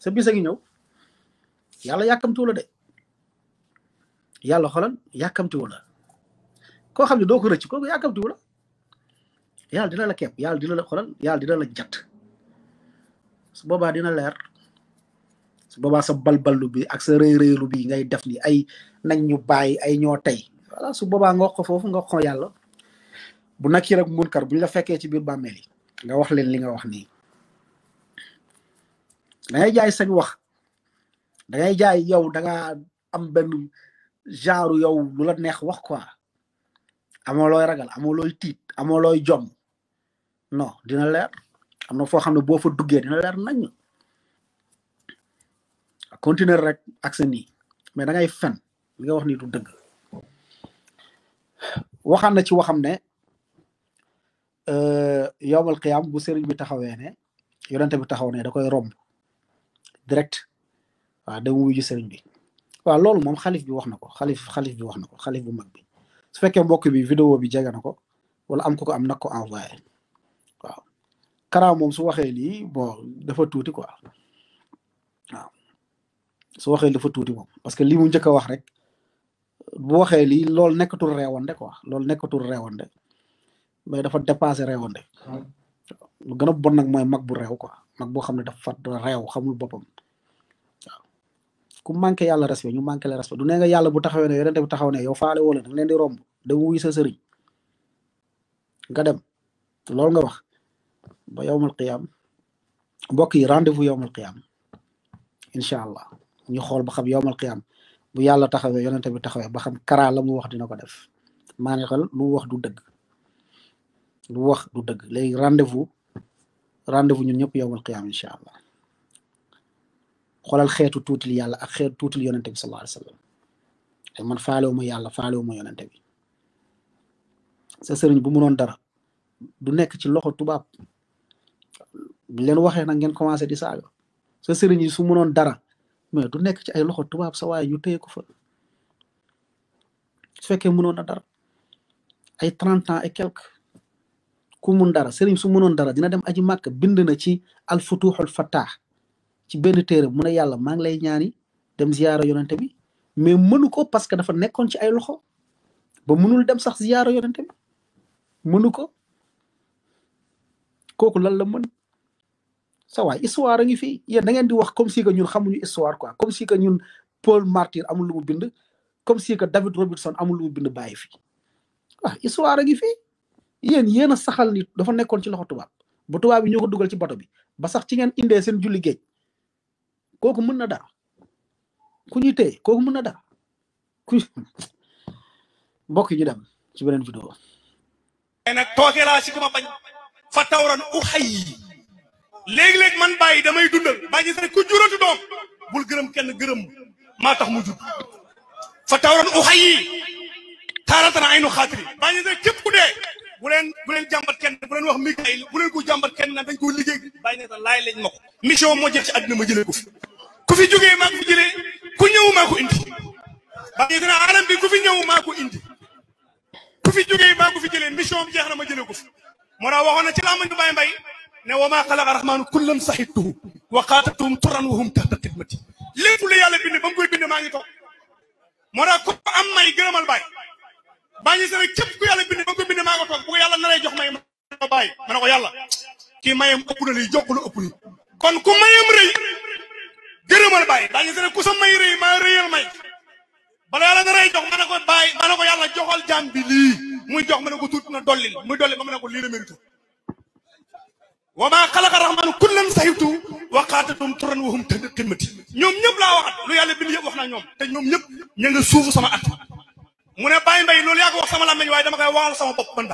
sa bisagi ñew yalla de yàlla xoolal yàkkamtiwu la xam ne doo ko rëcc kooku yàkkamtiwu la yàlla dina la kepp yàlla dina la xoolal yàlla dina la jat su boobaa dina leer su boobaa sa balballu bi ak sa rëy-rëylu bi ngay def ni ay nañ ñu bàyyi ay ñoo tey voilà su boobaa nga wax ko foofu nga wax ko yàlla bu nakir ak munkar buñ la fekkee ci biir bàmmeel yi nga wax leen li nga wax nii dangay jaay sañ wax dangay jaay yow dangaa am genre yow lu la neex wax quoi amoo looy ragal amoo looy tiit amoo looy jom non dina leer am na foo xam ne boo fa duggee dina leer nañ continuer rek ak ni nii mais da ngay fen li nga wax ni dëgg waxaan na ci waxam ne euh, yowmal qiyaam bu sëriñ bi taxawee ne yonente bi taxaw ne da koy romb direct waaw dem wuyu ji bi waaw loolu moom xalif bi wax na ko xalif xalif bi wax na ko xalif bu mag bi su fekkee mbokk bi vidéo bi jege na ko wala am ko ko am nag ko envoyé waaw Kara moom su waxee lii bon dafa tuuti quoi waaw su waxee dafa tuuti moom parce que lii mu njëkk a wax rek bu waxee lii loolu nekkatul reewande quoi loolu nekkatul reewande mais dafa dépassé reewande hmm. lu gën bon nag mooy mag bu reew ko mag boo xam ne dafa fat reew xamul boppam ku manqué yàlla respect ñu manqué la respect du ne nga yàlla bu taxawee ne yonente bu taxaw ne yow faale wala danga leen di romb da wuy sa sëriñ nga dem loolu nga wax ba yowmal qiyaam mbokk yi rendez-vous yowmal qiyaam incha allah ñu xool ba xam yowmal qiyaam bu yàlla taxawee yo yonente bi taxawee ba xam karala mu wax dina ko def maanaam xel lu wax du dëgg lu wax du dëgg léegi rendez-vous rendez-vous ñun ñëpp yowmal qiyaam incha allah xoolal xeetu tuutil yàlla ak xeetu tuutil yonente bi sallallahu alayhi wa sallam ay man faalewu ma yàlla faalewu ma yonente bi sa sëriñ bu mënoon dara du nekk ci loxo tubaab leen waxee nag ngeen commencé di saaga sa sëriñ su mënoon dara mais du nekk ci ay loxo tubaab sa waaye ñu téye ko fa su fekkee mënoon na dara ay trente ans et quelque ku mun dara sëriñ su mënoon dara dina dem aji màkk bind na ci al futuxul fataax ci benn téere mu ne yàlla maa ngi lay ñaani dem ziyaara yonente bi mais mënu ko parce que dafa nekkoon ci ay loxo ba mënul dem sax ziyaara yonente bi mënu ko kooku lan la mën sa waay histoire a ngi fii da ngeen di wax comme ñun xamuñu histoire quoi comme si ñun Paul Martyr amul bind comme si que David Robinson amul bind bàyyi fi waaw ah, histoire a ngi fii yéen yéen a saxal nit dafa nekkoon ci loxo tubaab ba tubaab yi ñoo ko dugal ci bato bi ba sax ci ngeen indee seen julli géej kooku mën na da ku ñu téye kooku mën na dara ku mbokk ñu dem ci beneen vidéo mais nag tooke laa si ku ma bañ fa tawran u xay léegi-léegi man bàyyi damay dundal bàyyi sa ku juratu doom bul gërëm kenn gërëm maa tax mu jub fa tawran u xay taaratan ay nu xaatiri bàyyi sa képp ku dee bu leen bu leen jàmbat kenn bu leen wax Mikaayil bu leen ko jàmbat kenn nag dañ koo liggéey bàyyi sa laay lañ ma ko mission moo jeex ci àddina ma jëlee ko ku fi jógee maa ko fi jëlee ku ñëw maa ko indi bàyyi dina alam bi ku fi ñëw maa ko indi ku fi jógee maa ko fi jëlee mission bi jeex na ma jëlee ko fi moo tax waxoon ci làmmañ bu Baye ne wa maa xalaqa rahmaanu kullan sahituhu wa qaatatuhum turan wa hum tahta xidmati lépp lu yàlla bind ba mu koy bind maa ngi toog moo tax ku am may gërëmal Baye bàyyi sa nag ku yàlla bind ba mu koy bind maa ko toog bu ko yàlla naree jox may ma bàyyi ma ne ko yàlla kii mayam ëpp na lii jox lu ëpp nii kon ku mayam rëy gërëmal bàyyi daañu se ne ku sa maa rëyal may bala yàlla nga rëy jox ma ne ko bàyyi ma ne ko yàlla joxal jàmm bi lii muy jox ma ko tuuti na dollil muy dolli ma ne ko lii la mérite wa maa xalaqa rahmaanu kullan sahitu wa qaatatum turan wa hum tëdd ximmati ñoom ñëpp laa waxat lu yàlla bind yëpp wax ñoom te ñoom ñëpp ña nga suufu sama at mu ne bàyyi mbay loolu yaa ko wax sama làmmeñ waaye dama koy waxal sama bopp man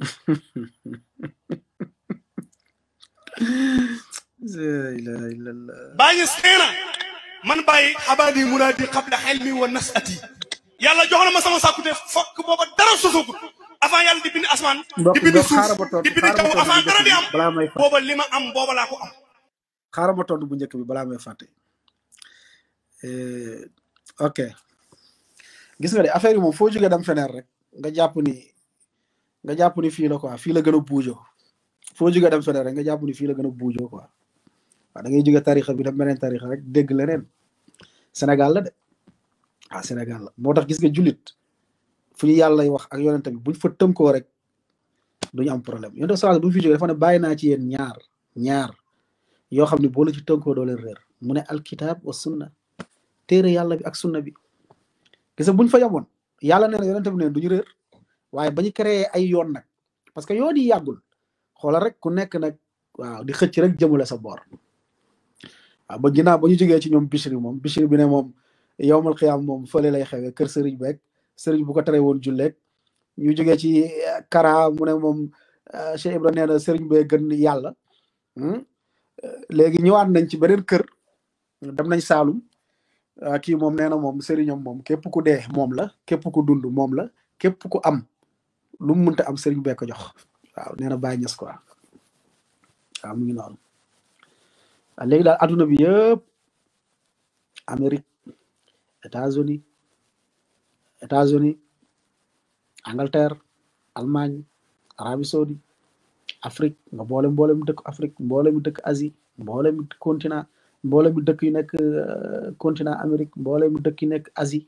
bàyyi nee na man bàyyi xabaar yi muraadi xabla xel mi wa nasati yàlla jox na ma sama sàkkute fokk booba dara sosugut avant yàlla di bind asmaan di bind suuf di avant dara di am booba li ma am booba bu njëkk bi balaa may fàtte eh, ok gis nga de affaire yi moom foo jógee dem feneer rek nga jàpp ni nga jàpp ni fii la quoi fii la gën a fo juga dem sore nga jàpp ni fi la gëna a quoi wa da ngay juga tarixa bi dem benen tarixa rek dégg leneen senegal la de ah senegal la moo tax gis nga julit fu ñu yalla wax ak yonente bi buñ fa ko rek duñ am problème yonente saa bu fi jógee dafa na bayina ci yeen ñaar ñaar yo xamni bo la ci tënkoo do leen réer mu ne alkitab wa sunna téré yalla bi ak sunna bi gis buñ fa yemoon yalla neena na bi neen duñu réer waye bañu créer ay yoon nak parce que yoon yi yagul xoola rek ku nekk nag waaw di xëcc rek jëmale sa boor waaw ba ginnaaw ba ñu jógee ci ñoom Bichri moom Bichri bi ne moom yowmal xiyaam moom fële lay xewee kër sëriñ beeg sëriñ bu ko tere woon julleeg ñu jógee ci eh, Kara mu ne moom eh, Cheikh Ibra nee na sëriñ bee gën yàlla hmm? léegi ñëwaat nañ ci beneen kër dem nañ Saalum ah, kii moom nee na moom sëriñam moom képp ku dee moom la képp ku dund moom la képp ku am lu mu mënta am sëriñ bee jox waaw nee na Baye Niass quoi mu ngi noonu waaw léegi daal adduna bi yëpp Amérique États-Unis États-Unis Angleterre Allemagne Arabie Saoudite Afrique nga mboolem mboolem dëkk Afrique mboolem dëkk asi Asie mboolem continent mboolem dëkk yu nekk euh, continent Amérique mboolem dëkk yu nekk Asie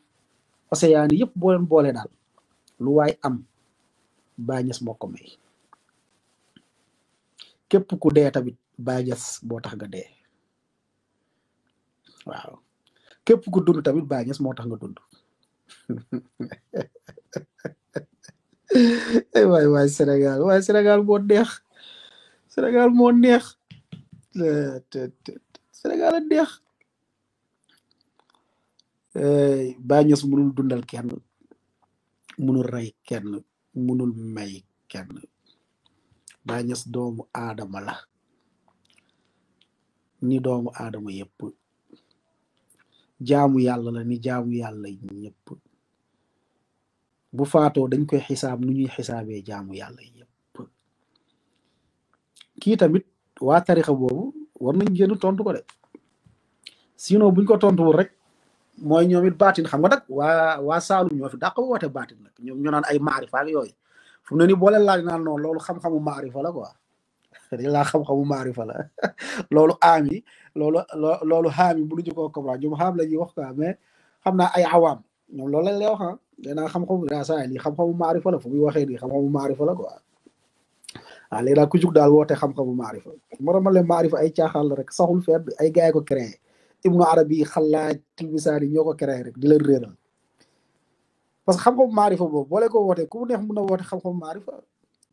Océanie yëpp booleen boole daal lu waay am Baye Niass moo may képp ku dee tamit baajas moo tax nga dee waaw képp ku dund tamit baajas moo tax nga dund eh, waay waay Sénégal waay Sénégal moo neex Sénégal moo neex Sénégal a neex eh, baajas mënul dundal kenn mënul rey kenn mënul may kenn Baay Ñas doomu aadama la ni doomu aadama yépp jaamu yàlla la ni jaamu yàlla yi ñépp bu faatoo dañ koy xisaab nu ñuy xisaabee jaamu yàlla yépp kii tamit waa tarixa boobu war nañ génn tontu ko de sinon buñ ko tontuwul rek mooy ñoom it baatin xam nga nag waa waa Saalum ñoo fi dàq woote baatin nag ñoom ñoo ay maarifa ak yooyu fu mu ne nii boo leen laaj naan noonu loolu xam-xamu maarifa la quoi dañ laa xam-xamu maarifa la loolu aami loolu loolu xaami bu ñu ko comprendre ñoom xaam la ñuy wax quoi mais xam naa ay awaam ñoom loolu lañ lay wax ah nee naa xam-xamu raasaay lii xam-xamu maarifa la fu muy waxee nii xam-xamu maarifa la quoi ah léegi daal ku jug daal woote xam-xamu maarifa moo tax ma leen maarifa ay caaxaan la rek saxul feet ay gars yi ko créé ibnu arabi xalaaj tilbisaani ñoo ko créé rek di leen réeral parce que xam-xamu maarifa boobu boole ko wootee ku mu neex mun na woote xam-xamu maarifa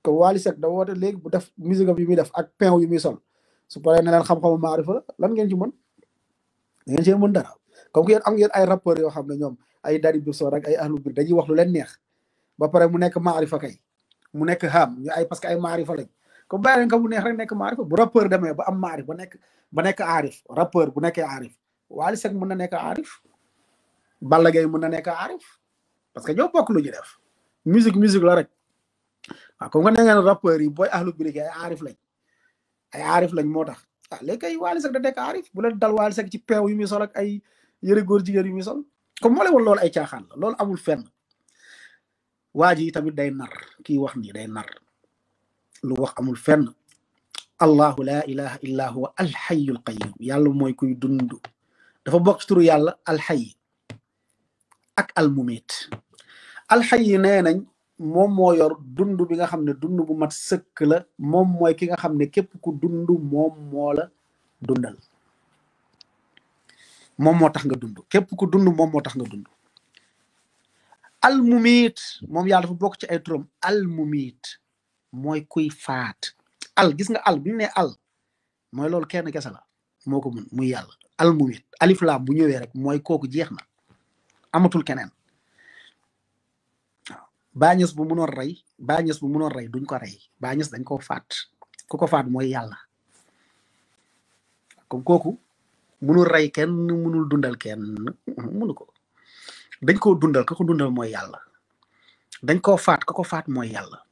que Wally Seck da woote léegi bu def musique bi muy def ak pain yu muy sol su paree xam-xamu maarifa lan ngeen ci mën da ngeen cee mën dara comme que yéen am ay rappeurs yoo xam ne ñoom ay dari bi soor ak ay ahlu bir dañuy wax lu leen neex ba pare mu nekk maarifa kay mu nekk xam ñu ay que ay maarifa lañ comme bàyyi leen ko mu neex rek nekk maarifa bu rappeur demee ba am maarif ba nekk ba nekk aarif rappeur bu nekkee aarif Wally Seck mën na nekk aarif Balla Gaye mën na nekk aarif parce que ñoo bokk lu ñu def musique musique la rek waaw comme nga ne ngeen rappeurs yi boy ahlu biriki ay arif lañ ay arif lañ moo tax ah léegi kay Wally da nekk arif bu leen dal Wally Seck ci peew yu muy sol ak ay yëre góor jigéen yu muy sol comme moo lay woon loolu ay caaxaan la loolu amul fenn waa tamit day nar kii wax ni day nar lu wax amul fenn allahu la ilaha illa huwa alxayyul qayyum yàlla mooy kuy dund dafa bokk ci turu yàlla alxay ak almumeet alxayi nee nañ moom moo yor dund bi nga xam ne dund bu mat sëkk la moom mooy ki nga xam ne képp ku dund moom moo dundal moom moo tax nga dund képp ku dund moom moo tax nga dund almumiit moom yàlla dafa bokk ci ay turam almumiit mooy kuy faat al gis nga al bu ñu al mooy loolu kenn kese la moo ko mun bu ñëwee rek mooy kooku jeex na amatul keneen bañes bu mënoon rey bañes bu mënoon rey duñ ko rey bañes dañ ko faat ku ko faat mooy yàlla kon kooku mënul rey kenn mënul dundal kenn mënu ko dañ ko dundal ka ko dundal mooy yàlla dañ ko faat ka ko faat mooy yàlla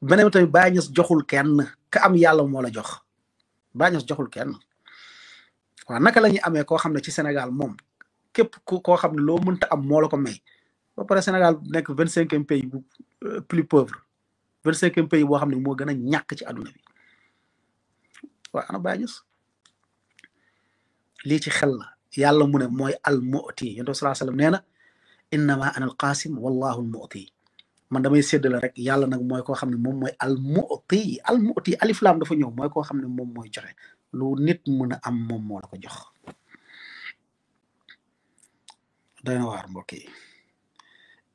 beneen tamit bañes joxul kenn ka am yàlla moo la jox bañes joxul kenn waaw naka la ñuy amee koo xam ne ci Sénégal moom képp koo xam ne loo mënta am moo la ko may ba pare Sénégal nekk vingt cinquième pays bu euh, pays boo xam ne moo gën a ñàkk ci àdduna bi waaw ana Baye ci xel la yàlla mu ne mooy al mu'ti yonent bi salaa sallam na innama ana al qasim wallahu al mu'ti man damay séddale rek yàlla nag mooy koo xam ne moom mooy al mu'ti al mu'ti alif laam dafa ñëw mooy koo xam ne moom mooy joxe lu nit mën a am moom moo ko jox doy na waar mbokk yi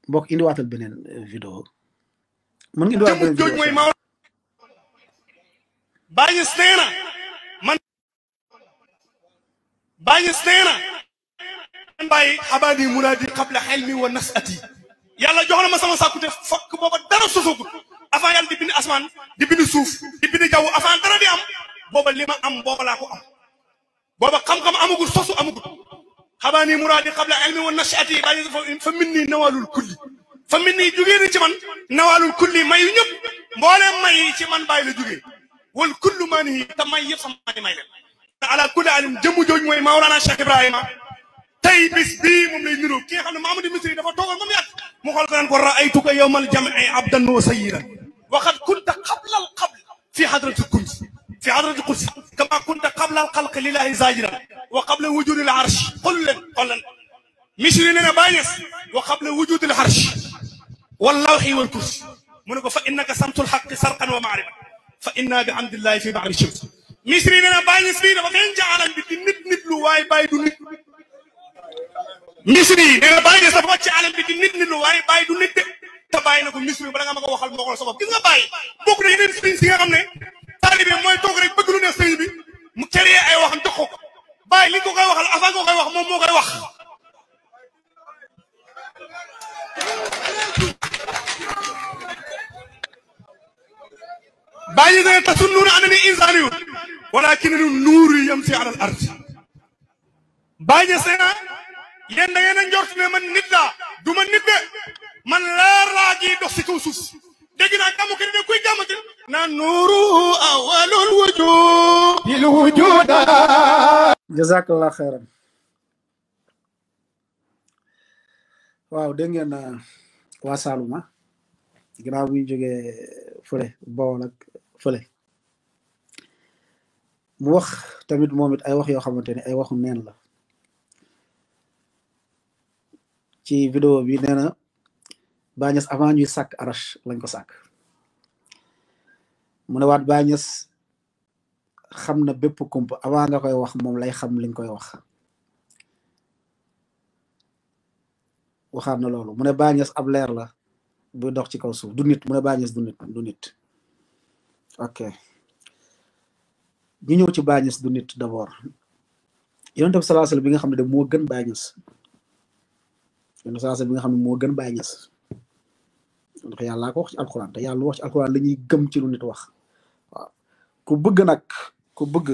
mbokk indiwaatal beneen euh, vidéo mën nga indiwaat beneen vidéo mooy ma bàñes nee na man bàñes nee na man bàyyi abaani muraadi xabla wa nasati yàlla jox na ma sama sàkku te fokk booba dara sosoogut avant yàlla di asmaan di suuf di bind jaww avant dara di am booba li am booba laa am booba xam-xam amagul sosu amagul خباني مرادي قبل علمي والنشأتي بعد فمني نوال الكل فمني جوجيني تمن نوال الكل ما ينب مولم ما يتمن باي لجوجي والكل ما نهي تما يفهم ما يلم على كل علم جمو جوج موي مولانا شيخ ابراهيم تاي بس بي موم لي نيرو كي خامن محمد المصري دا فا توغال موم يات مو خول كان كو رايتك يوم الجمع عبدا وسيدا وقد كنت قبل القبل في حضره الكنز في حضرة القدس كما كنت قبل الخلق لله زاجرا وقبل وجود العرش قل لن قل لن مشري لنا بايس وقبل وجود العرش واللوح والكرسي منك فإنك سمت الحق سرقا ومعرفة فإنا بعمد الله في بعض الشمس مصري لنا بايس بينا وكان جعلا بدي نت نت لواي باي دو نت مصري لنا بايس فما عالم بدي نت نت لواي باي دو نت تباينا كو مصري بلا ما كو وخال مكو سبب كيغا باي بوك دا ينين سيرين سيغا خامني taalibe mooy toog rek bëgg lu ne sëriñ bi mu créé ay waxam jox ko bàyyi li ko koy waxal avant ko koy wax moom moo koy wax bàyyi ne tasunnuuna annanii insaaniyun walakin nuuri yamsi ala al ard bàyyi ne sena yéen da ngeen a njort ne man nit laa du ma nit de man leer laa ji dox si kaw suuf dégg naa gàmmu kër de kuy gàmmu ci na nuuru awalul wujud bil wujuda jazakallah xeyran waaw dégg ngeen euh, waa Saaluma ah. ginnaaw bi ñu jógee fële Bawol ak fële mu wax tamit moom it ay wax yoo xamante ne ay waxu neen la ci vidéo bi nee na baañas avant ñuy sak arash lañ ko sak mu ne wat baañas xamna bepp kump avant nga koy wax mom lay xam liñ koy wax waxaat na loolu mu ne baañas ab leer la bu dox ci kaw suuf du nit mu ne baañas du nit du nit ok ñu ñëw ci baañas du nit d'abord yonente alayhi wa sallam bi nga xam ne de moo gën baañas alayhi wa sallam bi nga xamne mo gën baañas ndax yàllaa ko wax ci alxuraan te yàlla wax ci alxuraan la ñuy gëm ci lu nit wax waaw ku bëgg nag ku bëgg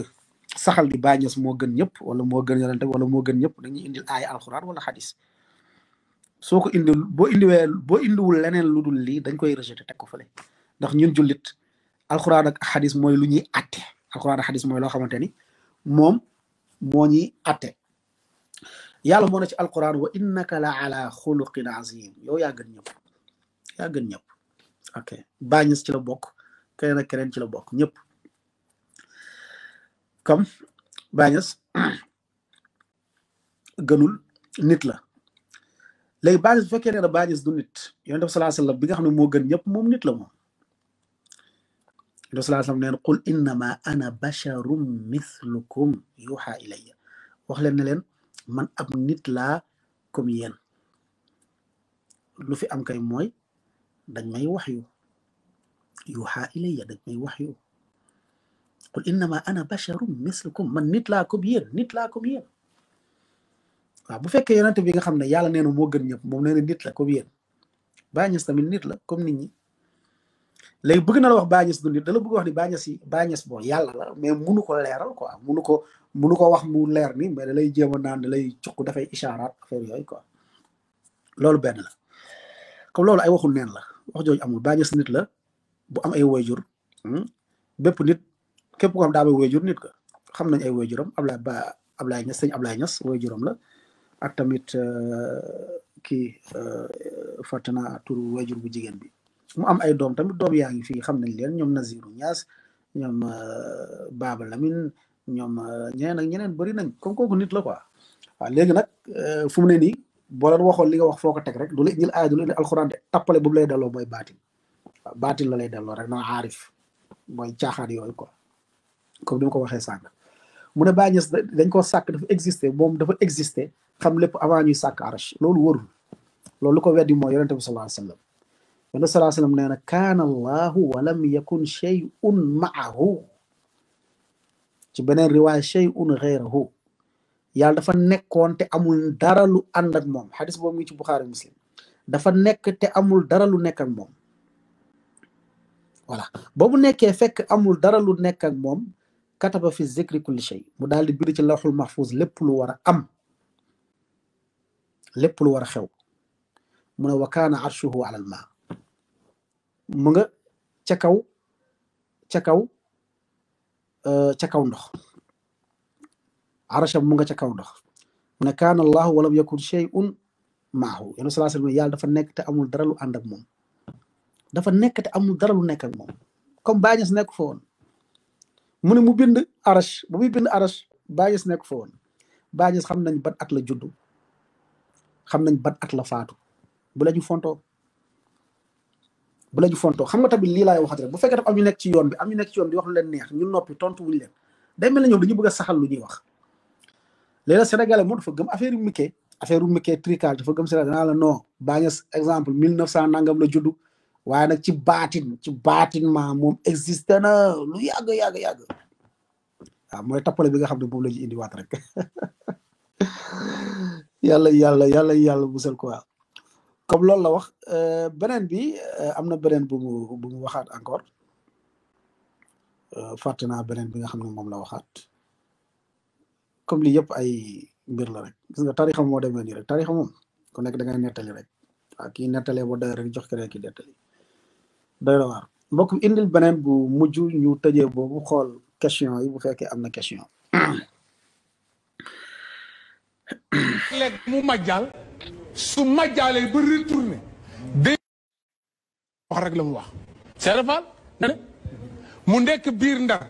saxal di bàññees moo gën ñëpp wala moo gën yonente wala moo gën ñëpp dañuy indil aaya alxuraan wala xadis soo ko indil boo indiwee boo indiwul leneen lu dul lii dañ koy rejeté teg ko fële ndax ñu jullit alxuraan ak xadis mooy lu ñuy atte alxuraan ak xadis mooy loo xamante ni moom moo ñuy atte yàlla moo ne ci alquran wa innaka la ala xuluqin azim yow gën ñëpp yaa gën ñëpp ok bàññis ci la bokk keneen ak keneen ci la bokk ñëpp comme bàññis gënul nit la léegi bàññis bu fekkee nee na bàññis du nit yonent bi salaa sallam bi nga xam ne moo gën ñëpp moom nit la moom yonent bi salaa sallam neen qul innama ana basharum mithlukum yuuxa ilayya wax leen ne leen man ab nit laa comme yéen lu fi am kay mooy dañ may wax yu yuuxaa ilayya dañ may wax yu qul innama ana basharun mislukum man nit laa comme yéen nit laa comme yéen waaw bu bi nga xam ne yàlla nee moo gën ñëpp moom nee na nit la comme yéen bàññes tamit nit la comme nit ñi léegi bugg na la wax bàññes du nit dala la bëgg wax ni bàññes yi bàññes bon yàlla la mais munu ko leeral quoi munu ko munu ko wax mu leer ni mais da lay jéem a naan da lay cuq dafay ishaaraat affaire yooyu quoi loolu benn la comme loolu ay waxul neen la wax jooju amul Baay Ñas nit la bu am ay wayjur hmm? bépp nit képp ko xam daa am ay nit ko xam nañ ay wayjuram abla Ba abla Ñas sëñ Ablaay Ñas wayjuram la ak tamit euh, kii euh, fàtte naa turu wayjur bu jigéen bi mu am ay doom tamit doom yaa ngi fii xam nañ leen ñoom na Naziru Ñaas ñoom euh, Baaba Lamin ñoom ñeneen ak ñeneen bëri nañ comme nit la quoi waaw léegi nag ne nii boo leen waxoon li nga wax foo ko teg rek du la indil aaya du la indil alxuraan de tappale bu mu lay delloo mooy baatil baatil la lay delloo rek naa aarif mooy caaxaan yooyu quoi comme ni ma ko waxee sànq mu ne bàyyi dañ koo sàkk dafa existé moom dafa existé xam lépp avant ñuy sàkk arsh loolu wërul loolu lu ko weddi mooy yonente bi sallallahu alayhi wasallam yonente sallallahu alayhi wasallam nee na kaana allahu walam yakun shay'un ma'ahu ci beneen riwaaya shay'un ghayrahu yàlla dafa nekkoon te amul dara lu ànd ak moom xadis boobu ngi ci buxaari muslim dafa nekk te amul dara lu nekk moom voilà ba mu nekkee fekk amul dara lu nekk ak moom kataba fi zikri kulli shay mu daal di bind ci lawxul mahfuz lépp lu war a am lépp lu war a xew mu ne wa kaana arshuhu alal ma mu nga ca kaw ca kaw euh, ca kaw ndox arsham mu nga ca kaw dox na ne kaana allahu walam yakun shay'un maahu yéen a sallallahu alayhi yàlla dafa nekk te amul dara lu ànd ak moom dafa nekk te amul dara lu nekk ak moom comme bàñes nekk fa woon mu ne mu bind arsh ba muy bind arsh bàñes nekk fa woon bàñes xam nañ ban at la juddu xam nañ ban at la faatu bu la ñu fontoo bu la ñu fontoo xam nga tamit lii laay waxat rek bu fekkee tam am ñu nekk ci yoon bi ñu ci yoon wax lu leen neex ñu noppi tontu wuñ leen day mel ne ñoom bëgg saxal lu ñuy wax léeg-léeg Sénégalais moo dafa gëm affaire yu Mickey affaire yu Mickey tricage dafa gëm Sénégal danaa la exemple mille neuf cent nangam la juddu waaye nag ci baatin ci baatin ma moom existé na lu yàgg yàgg yàgg waaw mooy tappale bi nga xam ne moom la ñu indiwaat rek yàlla yàlla yàlla yàlla musal ko comme loolu la wax euh, beneen bi euh, am na beneen bu mu bu waxaat encore euh, fàtte naa beneen bi nga xam ne moom la waxaat comme lii yëpp ay mbir la rek gis nga tarixa moo demee nii rek tarixa moom ku nekk da ngay rek waaw ki nettalee ba doy rek jox keneen ki nettali doy na waar mbokk indil beneen bu mujj ñu tëjee boobu xool question yi bu fekkee am na question léeg mu la mu wax nekk biir ndar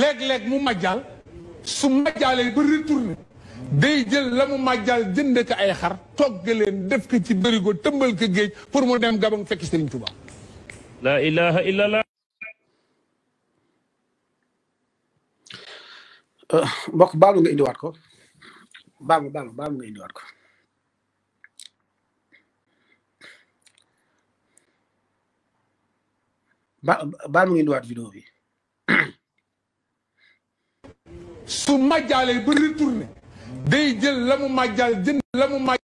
léeg su majaalee ba retourné day jël la mu majjaal jënd ko ay xar togg leen def ko ci bërigo tëmbal ko géej pour mu dem gabang fekk Serigne Touba. la ilaha illallah. Euh, mbokk baalu nga indiwaat ko baalu baalu baalu nga indiwaat ko. ba baalu nga indiwaat vidéo bi. su màjjaalee ba retourné day jël la mu màjjaal jënd la mu màjj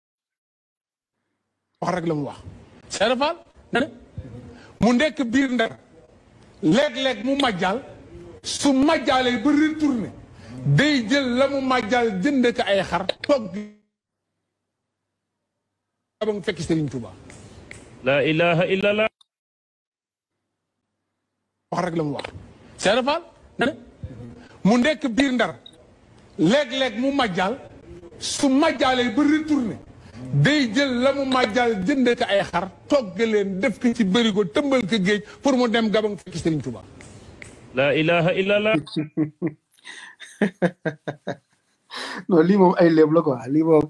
wax rek mu ndekk biir ndar léeg-léeg mu màjjaal su màjjaalee ba retourné day jël la mu màjjaal jënd ko ay xar toog ba nga la ilaha illallah wax rek la mu wax mu nekk biir ndar léeg-léeg mu majjal su majjaalee ba retourné day jël la mu majjal jënd ko ay xar togg leen def ko ci bërigo tëmbal ko géej pour mu dem gabang fekk Sëriñ Tuubaa la ilaha illallah non lii moom ay léeb la quoi lii moom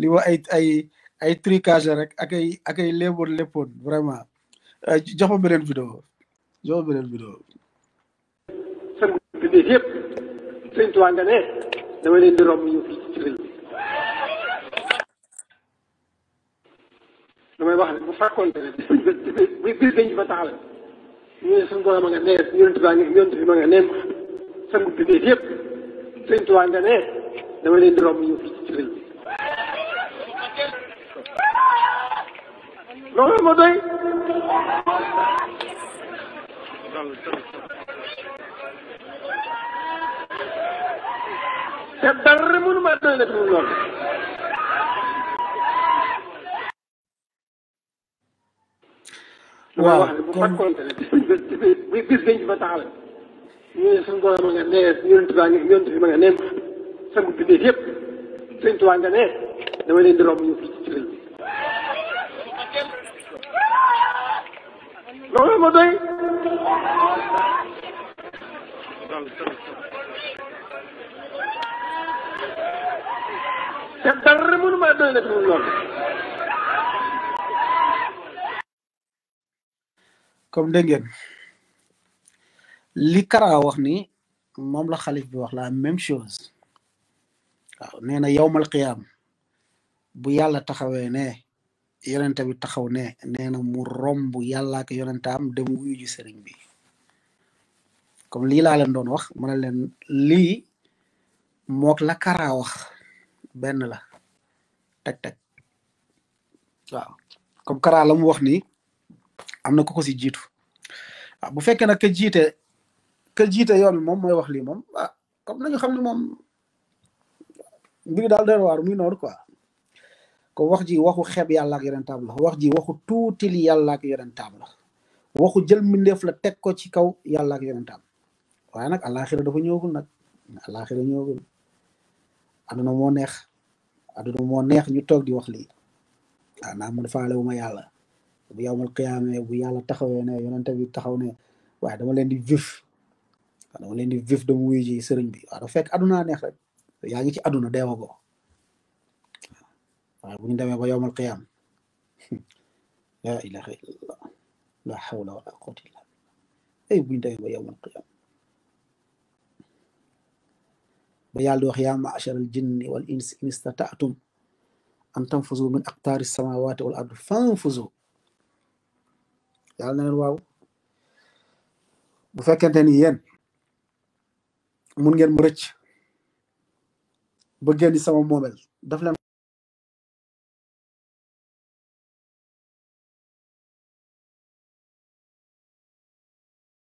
lii moom ay ay ay tricage rek ak ay ak ay léeboon vraiment euh, jox ma beneen vidéo jox beneen vidéo bi sëñ Tuubaa nga ne dama leen di romb ñu fii ci sëriñ bi damay wax ne bu fekkoon ne bi biir dañ fa taxawe ñu ne suñu borom a nga ne yonent baa ngi yonent bi ma nga ne sangu bi dee yëpp sëñ Tuubaa nga ne dama leen di romb ñu fii ci sëriñ bi loolu moo doy te dara mënu maa doy na fi mu loolu waaw kon bu bis benn bi ba taxawal ñu ne suñu borom nga ne yonent bi nga yonent bi nga ne sangu bindee yëpp sëñ Tuubaa nga ne dama doy dara mënu maa doy nag loolu li Kara wax ni moom la xalif bi wax la même chose waaw nee na yowmal qiyaam bu yàlla taxawee ne yonente bi taxaw ne nee na mu romb yàlla ak yonentaam dem wuyu ji sëriñ bi comme lii laa leen doon wax ma ne leen lii mook la Kara wax benn la teg teg waaw Kara la mu wax nii am na ku ko si jiitu ah, bu fekkee nag ka jiite ka jiite yoon moom mooy wax lii moom a ah, comme nañu xam ne moom mbiri daal doon waar muy noonu quoi ko wax ji waxu xeeb yàlla ak yonentam la wax ji waxu tuutil yàlla ak yonentam la waxu jël mbindeef la teg ko ci kaw yàlla ak yonentam waaye nag àllaaxira dafa ñëwagul nag àllaaxira ñëwagul àdduna moo neex aduna moo neex ñu toog di wax lii ah naa man faalewu ma yàlla bu yawmal qiyaame bu yàlla taxawee ne yonente bi taxaw ne waaye dama leen di vif waaw dama leen di vif dama wuyu ji sëriñ bi waaw dafa fekk aduna neex rek yaa ngi ci aduna deewagoo waaw bu ñu demee ba yawmal qiyaam la ilaha illallah la hawla wala quwwata illa billah ay bu ñu demee ba yawmal qiyaam ba yàlla di wax yaa ma'shar al jinni wal insi in istata'tum an tanfuzu min aqtaari samawati wal ard fanfuzu yàlla na leen waaw bu fekkente ni yéen mun ngeen mu rëcc ba génn sama moomel daf leen